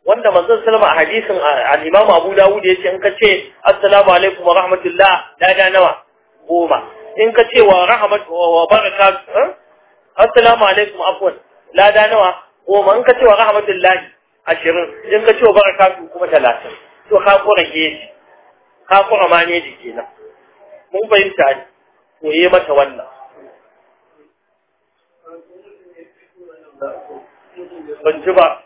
wanda manzon sallama a hadisin al-Imam Abu Dawud yace in ka ce assalamu alaikum wa rahmatullah da, nawa goma in ka ce wa rahmat wa baraka eh? assalamu alaikum afwan lada nawa goma in ka ce wa rahmatullah ashirin in ka ce wa barakatu kuma talatin to ka kura shi ka kura ji kenan mun fahimta ne to yi mata wannan ban ji ba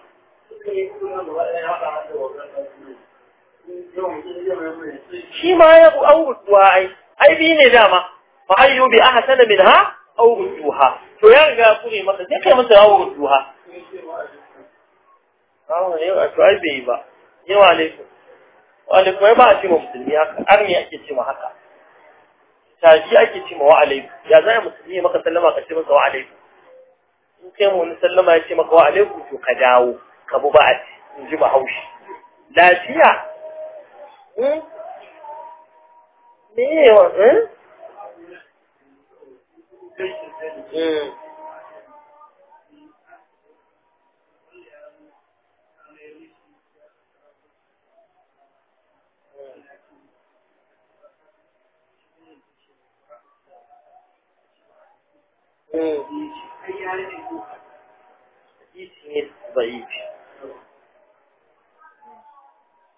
shi ma ya an rutuwa ai ai bi ne dama fa ayyu bi ahsana minha aw rutuha to ya riga kure maka sai kai masa aw rutuha aw ne a to bai ba yawa ne wa alaikum ba a ce musulmi haka arni ake ce haka taji ake ce wa alaikum ya zai musulmi maka sallama ka ce masa wa alaikum in kai mu wani sallama ya ce maka wa alaikum to ka dawo ka buba ba'ad in ji bahaushe lafiya hmm?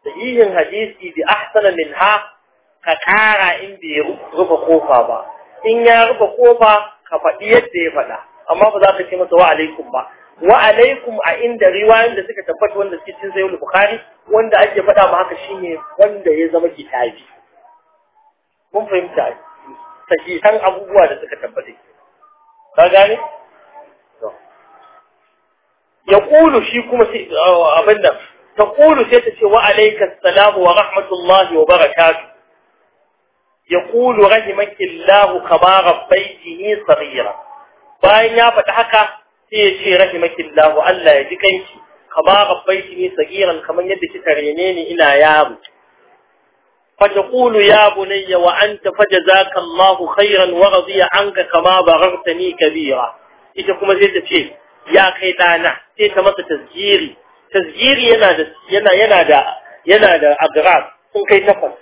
sahihin hadisi bi ahsana minha ka kara in bai rufe kofa ba in ya rufe kofa ka faɗi yadda ya faɗa amma ba za ka ce masa wa alaikum ba wa alaikum a inda riwayoyin da suka tabbata wanda suke cin sayyid bukhari wanda ake faɗa ma haka shine wanda ya zama kitabi mun fahimta sahihan abubuwa da suka tabbata ka gane ya kulu shi kuma abin تقول سيدتي وعليك السلام ورحمة الله وبركاته يقول رحمك الله كما بيته صغيرا باين يا فتحك سيدتي رحمك الله وألا يجيكيش كما بيته صغيرا كما يدك ترينيني إلى يابو فتقول يا بني وأنت فجزاك الله خيرا ورضي عنك كما بررتني كبيرا إذا كما سيدتي يا خيدانا سيتمت تسجيري تزجير ينا ينا ينا دا أغراض سن كي تفر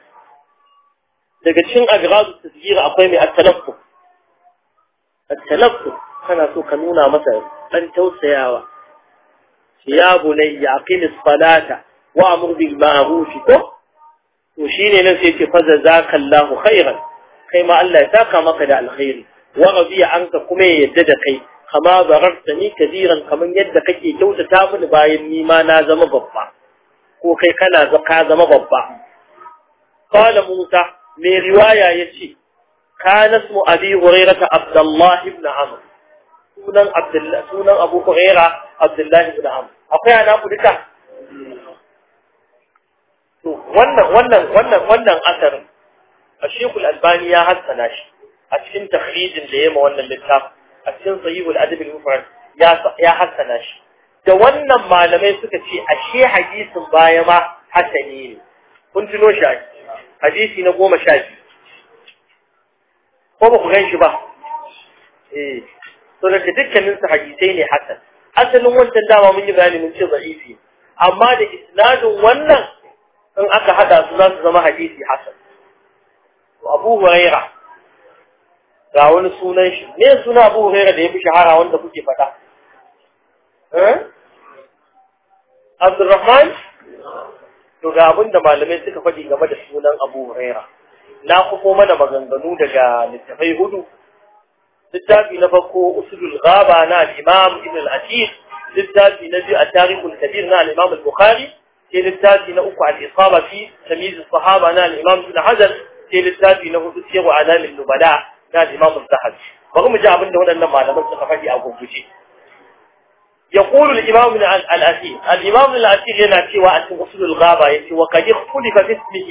لكن أغراض التزجير أقيمي التنفس التنفس كان سو كنونا مثلا أن توسياوا يا بني يقيم الصلاة وأمر بالمعروف وشيني نسي تفز ذاك الله خيرا كما الله ساق مقدع الخير ورضي عنك كمي يددقي kama zarartani kabiran kaman yadda kake kyautata mini bayan ni ma na zama babba ko kai kana ka zama babba qala musa me riwaya yace kana ismu abi hurairah abdullah ibn amr sunan abdullah sunan abu hurairah abdullah ibn amr akwai ana ku duka to wannan wannan wannan wannan asarin الشيخ الألباني يا هسنا a cikin تخريج da yema wannan littafin a cikin sahihul adabul mufrad ya ya hasana shi da wannan malamai suka ce a ashe hadisin baya ma hasani ne kun tuno shi hadisi na goma sha biyu ko ba ku gan shi ba eh to da dukkanin su hadisai ne hasan asalin wancan dama mun yi bayani mun ce zaifi amma da isnadin wannan in aka hada su za su zama hadisi hasan Abu Hurairah ga wani sunan shi ne suna abu hurera da ya fi shahara wanda kuke faɗa eh? abdurrahman to ga abin da malamai suka faɗi game da sunan abu hurera na kuma mana maganganu daga littafai hudu littafi na farko usulul ghaba na al-imam ibn al atiq littafi na biyu at al kabir na al-imam al-bukhari sai littafi na uku al-isaba fi tamyiz as-sahaba na al-imam ibn hajar sai littafi na hudu sirru alamin nubala na al-Imam al-Zahabi bari mu ji abin da waɗannan malaman suka faɗi a gurguje يقول الإمام الأثير الإمام الأثير ينأتي وأن وصل الغابة يأتي وقد اختلف في اسمه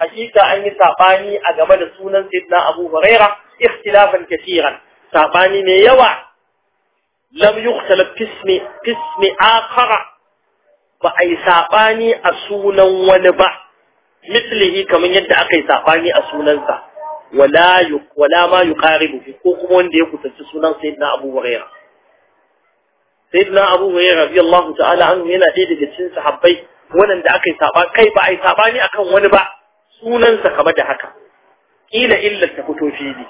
حقيقة أن يتعباني أجمد سونا سيدنا أبو هريرة اختلافا كثيرا تعباني من يوع لم يختلف باسم باسم آخر فأي تعباني أسونا ونبع مثله كمن يدعقي تعباني أسونا ذا wala wala ma yuqaribu ko kuma wanda ya kusanci sunan sayyidina Abu Hurairah sayyidina Abu Hurairah radiyallahu ta'ala an yana ɗaya daga cikin sahabbai wanda aka yi saba kai ba a yi ne akan wani ba sunansa kamar da haka kila illar ta fito fili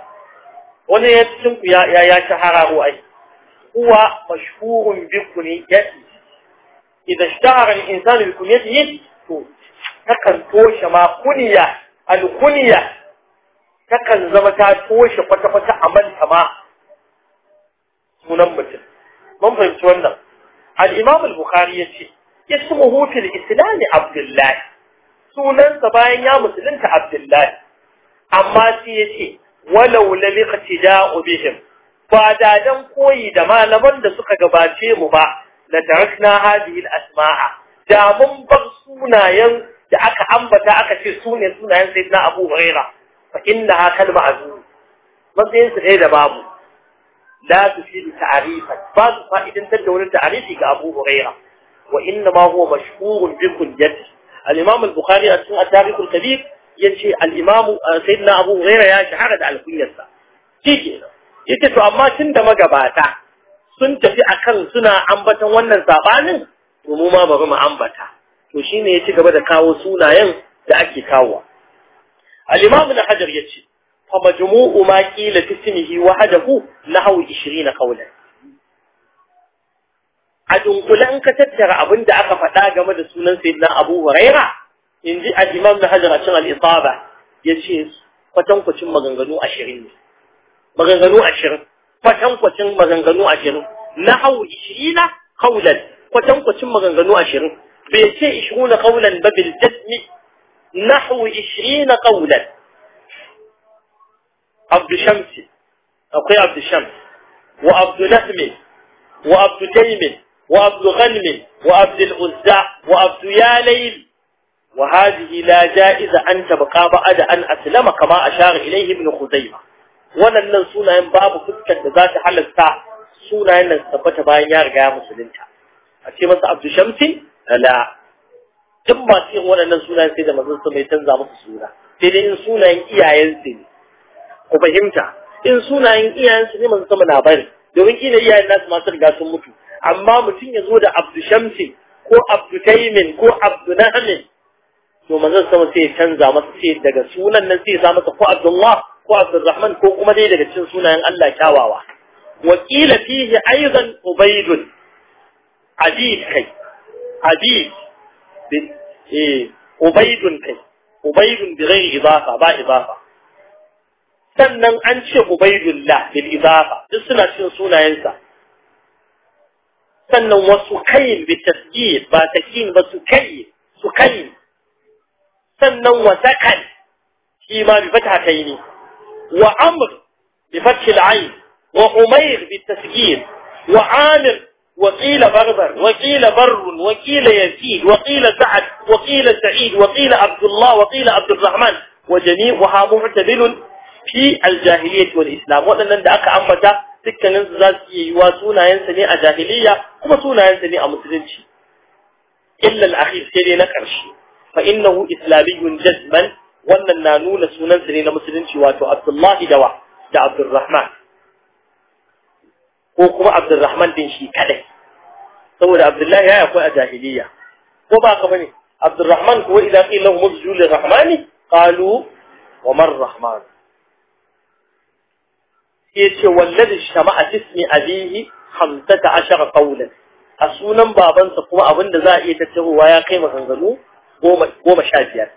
wani ya cikin ku ya ya shahara ko ai huwa mashhurun bi kunyati idan shahara al insani bi kunyatihi to takan toshe ma kunya al-kunya takan zama ta koshe kwata-kwata a manta ma sunan mutum mun fahimci wannan al-imam al-bukhari yace ismuhu fil islam abdullahi sunansa bayan ya musulunta abdullahi amma sai yace walau lam iqtida'u bihim ba da dan koyi da malaman da suka gabace mu ba la tarakna hadhihi al-asma'a da mun bar sunayen da aka ambata aka ce sunayen sunayen sayyidina Abu Hurairah. فإنها كلمة عزوز من ذي ينسل هذا بابه لا تشير تعريفا بعض فإذا انتبه ولا تعريفك كأبو هريرة وإنما هو مشهور بكل بكليته الإمام البخاري التاريخ الكبير ينشي الإمام آه، سيدنا أبو هريرة يا شهرة على كل يسا yake to amma kin da magabata sun tafi akan suna ambatan wannan sabanin to mu ma bari mu ambata to shine ya ci gaba da kawo sunayen da ake kawo الإمام الحجر يتشي فمجموع ما قيل تسمه وحده نحو 20 قولا عدن قل أنك تتر أبن دعك فتاق مدسونا سيدنا أبو هريرة إن جئ الإمام الحجر عشان الإصابة يتشي فتنك مغنغنو عشرين مغنغنو عشرين فتنك مغنغنو عشرين نحو 20 قولا فتنك تم مغنغنو عشرين بيتشي عشرون قولا بابل تسمه نحو عشرين قولا عبد شمس أقي عبد الشمس وعبد نهم وعبد تيم وعبد غنم وعبد العزى وعبد يا ليل وهذه لا جائزة أن تبقى بعد أن أسلم كما أشار إليه ابن خزيمة ولن أن باب فسكة ذات حل الساعة سونا أن نستبت باين يارجا مسلمتها أتي مثل عبد شمس لا duk masu yin waɗannan sunayen sai da mazan su ya canza musu suna sai dai in sunayen su ne ku fahimta in sunayen iyayensu ne manzon sama na bari domin ina iyayen nasu masu riga sun mutu amma mutum ya zo da abdu shamsi ko abdu taimin ko abdu nahmin to mazan sama sai ya canza masa sai daga sunan nan sai ya sa masa ko abdullah ko abdurrahman ko kuma dai daga cikin sunayen Allah kyawawa wakila fihi aizan Ubaidun. عبيد kai. عبيد eh ubaidun kai ubaidun bi ghairi idafa ba idafa sannan an ce ubaidullah bil idafa duk suna cikin sunayensa sannan wasu kayin bi tasjid ba takin ba su kai su kai sannan wa sakan shi ma bi fata kai ne wa amr bi fathil ayn wa umayr bi tasjid wa amir وقيل بربر وقيل بر وقيل يزيد وقيل سعد وقيل سعيد وقيل عبد الله وقيل عبد الرحمن وجميع وها معتدل في الجاهلية والإسلام وأننا دعك أمتا تلك نزلات يواسونا ينسني أجاهلية ومسونا ينسني أمسلنشي إلا الأخير سيري نكرش فإنه إسلامي جزما وأننا نولسونا ينسني أمسلنشي واتو عبد الله دوا عبد الرحمن ko kuma Abdulrahman din shi kadai saboda Abdullahi ya akwai a jahiliya ko ba ka bane Abdulrahman ko idan qila lahum usjudu rahmani qalu wa man rahman yace wallazi shama'a ismi abihi 15 qawlan asunan babansa kuma abinda za a iya tattarowa ya kai maganganu goma goma sha biyar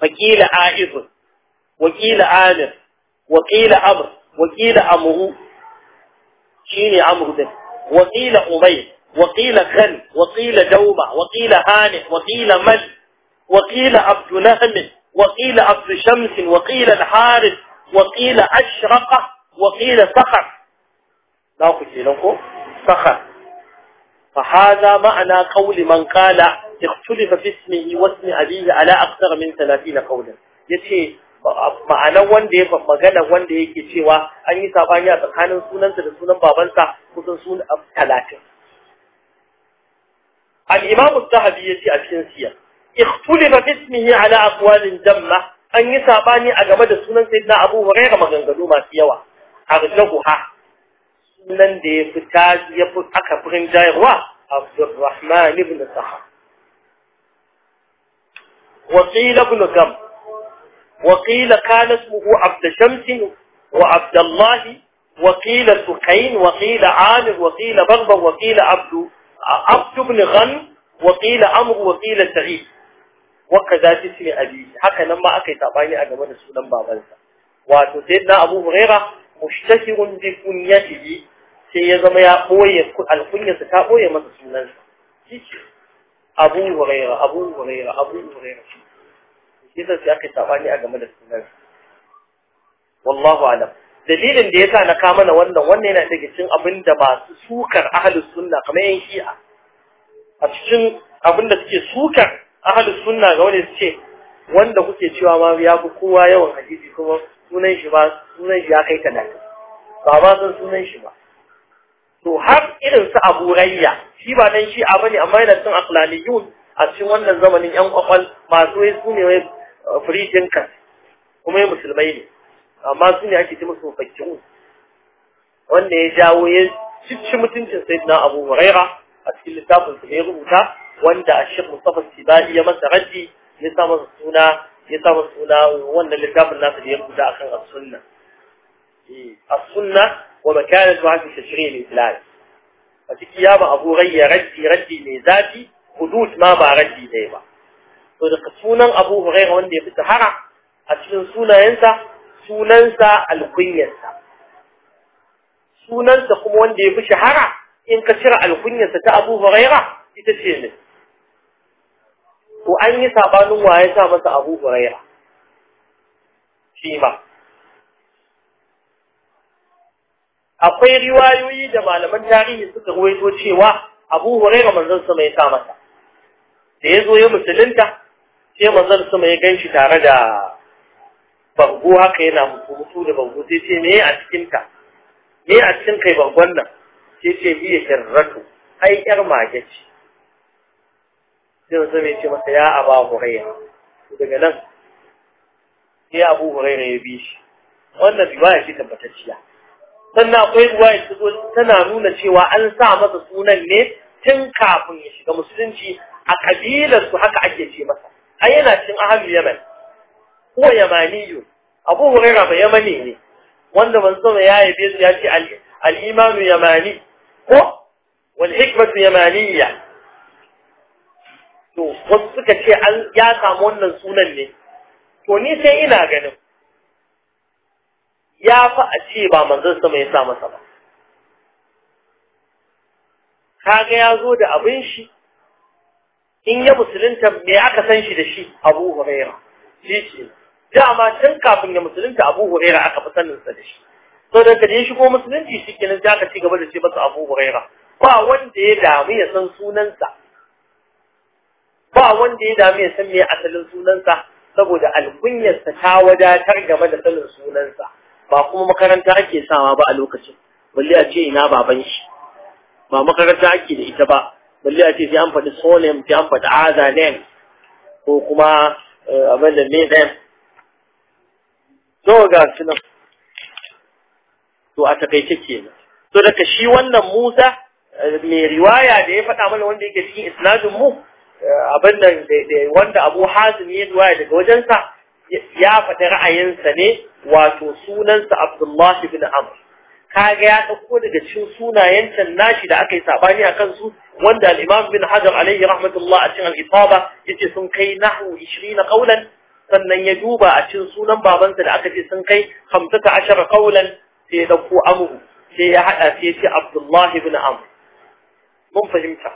fakila a'izu wakila amir wakila amr wakila amru قيل عمرو بن وقيل أبي وقيل خل وقيل جومع وقيل هانئ وقيل مل وقيل عبد نهم وقيل عبد شمس وقيل الحارث وقيل أشرقة وقيل سخر لا أقول لكم سخر فهذا معنى قول من قال اختلف في اسمه واسم أبيه على أكثر من ثلاثين قولا يتي ma'anan wanda ya magana wanda yake cewa an yi sabani a tsakanin sunansa da sunan babansa kusan sun talatin Al’imamu Zahabi ya ce a cikin siyar fismi ya ala aqwalin jamma an yi sabani a game da sunan na abu rera maganganu masu yawa ha sunan da ya fita ya fi aka firin jayarwa abdurrahman ibn Wasu yi ابن gama وقيل كان اسمه عبد شمس وعبد الله وقيل سكين وقيل عامر وقيل بغض وقيل عبد عبد بن غن وقيل عمرو وقيل سعيد وكذا اسم أبي حكى لما أكيد أباني أجمل سلم بابنسا وتسيدنا أبو هريرة مشتهر بكنيته سي سيزم يا أبوي الكنية تابوي من سنن أبو هريرة أبو هريرة أبو هريرة kisan su yake sabani a game da sunan wallahu alam dalilin da yasa na kama na wannan wannan yana daga cikin abin da su sukar ahlus sunna kamar yan shi'a a cikin abin da suke sukar ahlus sunna ga wanda suke wanda kuke cewa ma ya fi kowa yawan hadisi kuma sunan shi ba sunan shi ya kai ta nan ba ba san sunan shi ba to har irin su abu rayya shi ba dan shi a bane amma yana cin aqlaniyun a cikin wannan zamanin yan kwakwal masu wai su ne wai free thinkers kuma ya musulmai ne amma su ne ake ce musu fakirun wanda ya jawo ya cici mutuncin sayyidina abu huraira a cikin littafin da ya rubuta wanda a shek mustafa sibali ya masa raddi ya sa masa suna ya sa masa suna wannan littafin nasa da ya rubuta akan as-sunna as-sunna wa makanatu fi tashri' al-islam a ciki ya ba abu rayya raddi raddi mai zafi hudud ma ba raddi ne ba to daga sunan abu huraira wanda ya fi sahara a cikin sunayensa sunansa alkunyarsa sunansa kuma wanda ya fi shahara in ka cire alkunyarsa ta abu huraira ita ce ne to an yi sabanin waye sa masa abu huraira shi ma akwai riwayoyi da malaman tarihi suka ruwaito cewa abu huraira manzon sa mai sa masa da ya zo ya musulunta sai manzon sama ya ganshi tare da bango haka yana mutu mutu da bango sai ce me a cikin ka me a cikin kai bangon nan sai ce bi ya kirratu ai yar mage ce sai manzon ya ce masa ya aba hurayra daga nan sai abu hurayra ya bi shi wannan ya ce tabbatacciya sannan akwai ruwa ya zo tana nuna cewa an sa masa sunan ne tun kafin ya shiga musulunci a kabilar su haka ake ce masa ai yana cikin ahlul yaman ko yamaniyu abu huraira ba yamani ne wanda manzo ya yabe su ya ce al-imanu yamani ko wal hikmatu yamaniyya to wasu suka ce an ya samu wannan sunan ne to ni sai ina ganin ya fa a ce ba manzon sama ya sa masa ba kaga ya zo da abin shi in ya musulunta me aka san shi da shi abu huraira shi ce dama tun kafin ya musulunta abu huraira aka fi saninsa da shi to da ya shi shigo musulunci shi kenan sai aka ci gaba da ce masa abu huraira ba wanda ya damu ya san sunansa ba wanda ya damu ya san me asalin sunansa saboda alkunyarsa ta wadatar game da sanin sunansa ba kuma makaranta ake sawa ba a lokacin balle a ce ina baban shi ba makaranta ake da ita ba balle a ce an faɗi sonem sai an faɗi aza ne, ko kuma eh, abin da ne name so ga su nan to a takaice kenan to daga shi wannan Musa eh, mai riwaya da ya faɗa mana wanda yake cikin isnadin mu eh, abin da wanda Abu Hazim ya riwaya daga wajensa ya faɗi ra'ayinsa ne wato sunansa Abdullahi bin Amr kaga ya ɗauko daga cikin sunayen can nashi da aka yi sabani a kansu wanda al-imam bin hajar alaihi rahmatullah a cikin al-isaba yace sun kai nahwu 20 qawlan sannan ya duba a cikin sunan babansa da aka ce sun kai 15 qawlan sai ya dauko amru sai ya hada sai ya ce abdullah ibn amr mun fahimta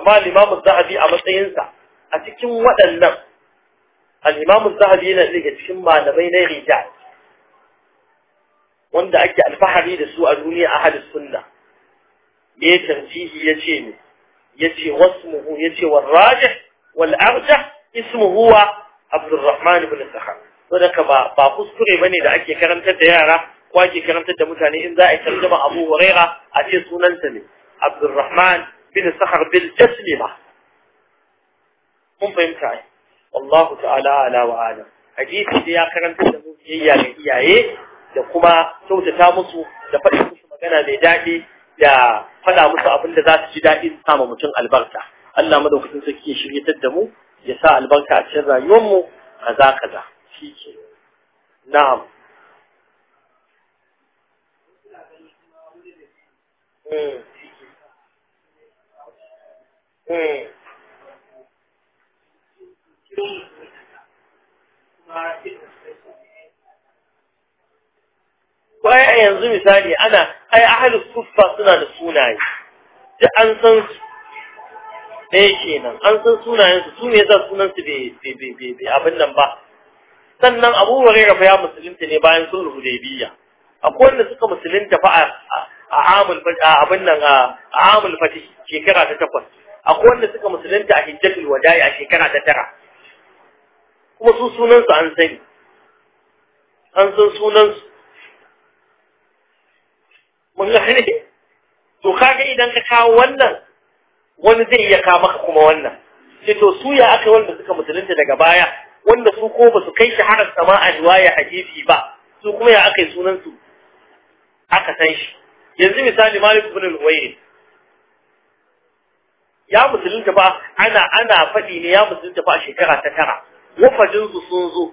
amma al-imam zahabi a matsayinsa a cikin waɗannan al-imam zahabi yana daga cikin malamai na rijal wanda ake alfahari da su a duniya ahadus sunna me tarjihi yace ne yace wasmuhu yace wal rajih wal arjah ismu huwa Abdurrahman ibn Sakhar to da ba ba kuskure bane da ake karantar da yara ko ake karantar da mutane in za a tarjuma Abu Huraira a ce sunansa ne Abdurrahman bin Sakhar bil Taslima kun fahimta ai ta'ala ala wa alam hadisi da ya karanta da mu iyaye da kuma kyautata musu da faɗin musu magana mai daɗi da faɗa musu abin da za su ji daɗin su sama mutum albarka Allah madaukakin sarki ya shiryatar da mu ya sa albarka a cikin rayuwar mu kaza kaza shi ke na'am Mm. Mm. baya a yanzu misali ana ai ahli suffa suna da sunaye da an san su ɗaya kenan an san sunayen su su ne yasa sunan su bai bai bai abin nan ba sannan Abu Hurairah fa ya musulunta ne bayan sulhu hudaybiya akwai wanda suka musulunta fa a amul abin nan a amul fatih shekara ta takwas akwai wanda suka musulunta a hijjatul wada'i a shekara ta tara kuma su su an sani an san sunansu kun gane to kaga idan ka kawo wannan wani zai iya kawo maka kuma wannan sai to su ya aka wanda suka musulunta daga baya wanda su ko ba su kai shi har sama a riwaya hadisi ba su kuma ya aka yi sunan su aka san shi yanzu misali Malik ibn al-Huwayri ya musulunta ba ana ana faɗi ne ya musulunta ba a shekara ta tara wafadin su sun zo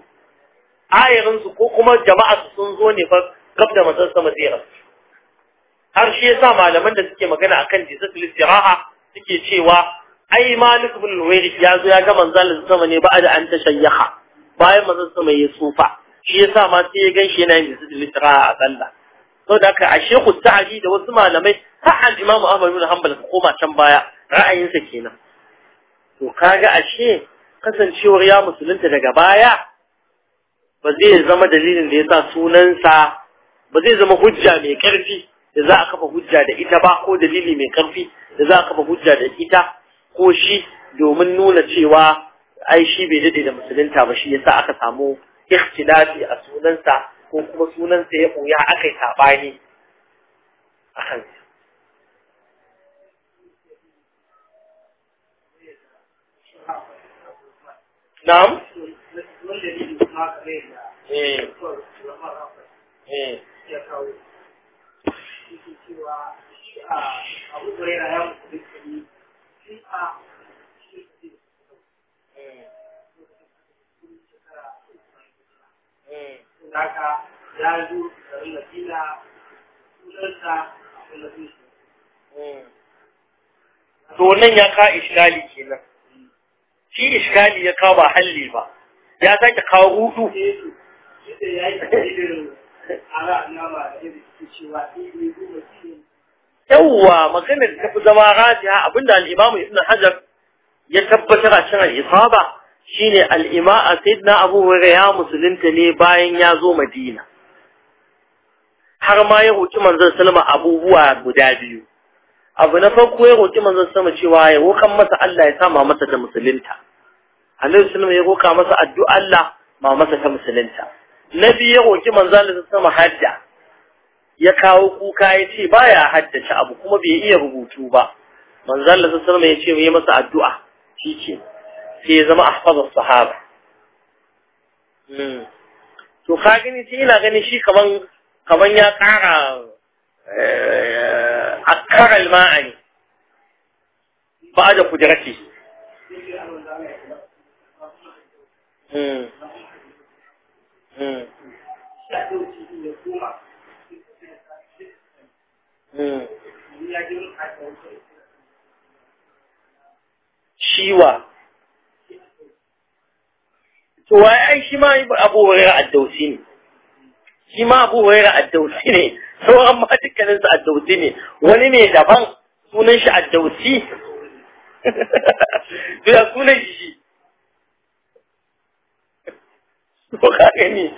ayarin su ko kuma jama'a su sun zo ne fa gab da sama zai rasu har shi yasa malaman da suke magana akan jisatul istiraha suke cewa ai malik ibn al ya zo ya ga manzalin sama ne ba da an tashayyaha bayan manzon sama ya tsufa shi yasa ma sai ya ganshi yana yin jisatul istiraha a sallah saboda haka a shehu sa'adi da wasu malamai har an imamu ahmad ibn hanbal ka koma can baya ra'ayinsa kenan to kaga ashe kasancewar ya musulunta daga baya ba zai zama dalilin da ya sa sunansa ba zai zama hujja mai karfi da za a kafa hujja da ita ba ko dalili mai karfi da za a kafa hujja da ita ko shi domin nuna cewa ai shi bai dade da musulunta ba shi yasa aka samu ikhtilafi a sunansa ko kuma sunansa ya buya aka yi sabani a kan Na'am? Eh. Eh. cewa shi a ah, abu ya mutu shi ah, eh, eh, a ya a eh. ya ka iskali kenan. Shi iskali ya kawo ba halli ba, ya sake kawo hudu. yawwa maganar da tafi zama rajiya abinda al'imamu ibn hajar ya tabbatar a cikin al shine Al'ima a sayyidina abu ya musulunta ne bayan ya zo madina har ma ya roki manzon sallama abubuwa guda biyu abu na farko ya roki manzon sallama cewa ya roƙa masa Allah ya sama masa da musulunta ya roka masa addu'a Allah ma masa ta musulunta na biyu ya roki manzan da sama hajja ya kawo kuka ya ce ba ya haddace abu kuma bai iya rubutu ba manzan da sama ya ce yi masa addu'a shi ce sai ya zama ahfazus sahaba hmm. to ka gani sai ina ganin shi kaman ya kara eh, a al-ma'ani ba da kudrati hmm. shiwa to waye ai shi ma abu hurairah addausi ne shi ma abu hurairah addausi ne sauran ma dukkanin su addausi ne wani ne daban sunan shi addausi [laughs] da sunan shi to ka gani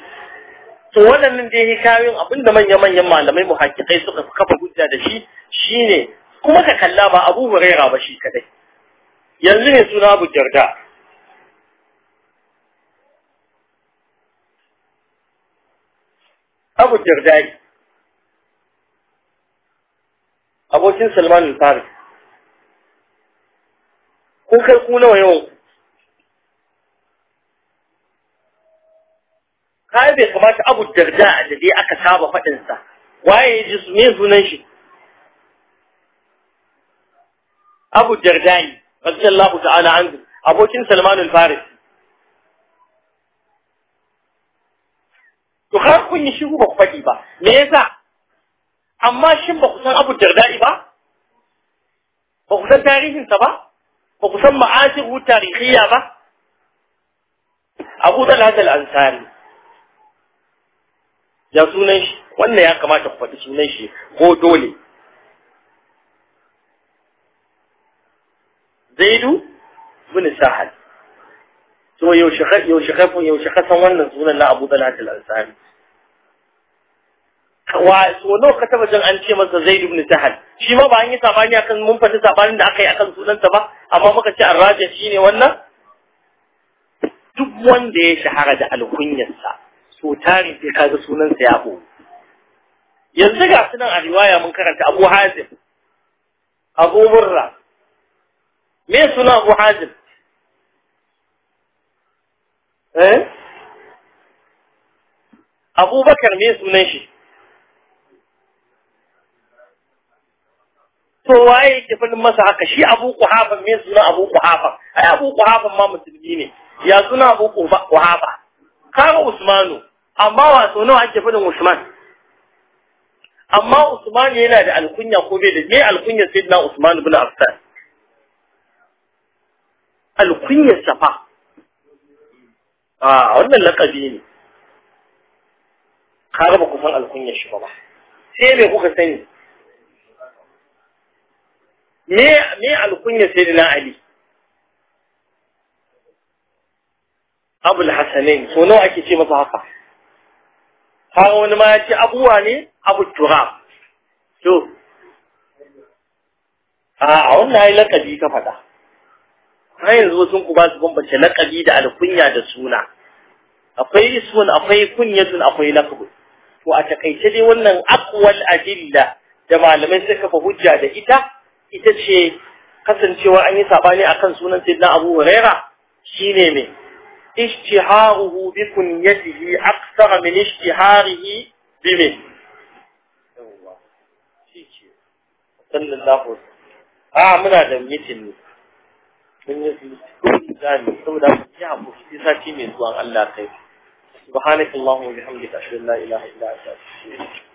to waɗannan dai abinda manya-manyan malamai mu muhakikai suka kafa hujja da shi shine kuma ka kalla ba Abu Huraira ba shi kadai yanzu ne suna Abu Darda Abu yi abokin Salman al-Farisi kun kai ku nawa yawan kai bai kamata abu darda da dai aka saba faɗin sa waye ya su me sunan shi abu dardani radiyallahu ta'ala anhu abokin salman al-faris to har kun yi shiru ba ku faɗi ba me yasa amma shin ba ku san abu dardai ba ba ku san tarihinsa ba ba ku san ma'asiru tarihiya ba abu talhat al-ansari ya sunan shi wannan ya kamata ku faɗi sunan shi ko dole zaidu bin sahal to yaushe yaushe kafin yaushe kasan wannan sunan na Abu Dalal al-Ansari wa so nawa ka taba jin an ce masa zaidu bin Sahal shi ma ba an yi sabani akan mun faɗi sabanin da aka yi akan sunansa ba amma muka ce arraja shine wannan duk wanda ya shahara da alkunyarsa to tarin sai kaga sunansa ya bo yanzu ga sunan a riwaya mun karanta Abu Hazim Abu Murra me sunan Abu Hazim eh Abu Bakar me sunan shi to waye ke fadin masa haka shi Abu Quhafa me sunan Abu Quhafa ai Abu Quhafa ma musulmi ne ya suna Abu Quhafa kawo Usmanu amma wa so nawa ake fadin Usman amma Usman yana da alkunya ko bai da me alkunya sayyidina Usman ibn Affan alkunya safa a wannan lakabi ne ka ba ku san alkunya shi ba sai me kuka sani me me alkunya na Ali Abul Hasanain so nawa ake ce masa haka har wani ma ya ce abuwa ne abu tura. to a wannan yi lakabi ka faɗa har yanzu wasu ku ba su bambance lakabi da alkunya da suna akwai ismun akwai kunyatun akwai lakabu to a takaice dai wannan akwal adilla da malamai suka fa hujja da ita ita ce kasancewa an yi sabani akan sunan sayyidina Abu Huraira shine ne اشتهاره بكنيته أكثر من اشتهاره بمن صلى da mitin yi su sati mai zuwan Allah kai subhanakallahumma wa bihamdika ashhadu an la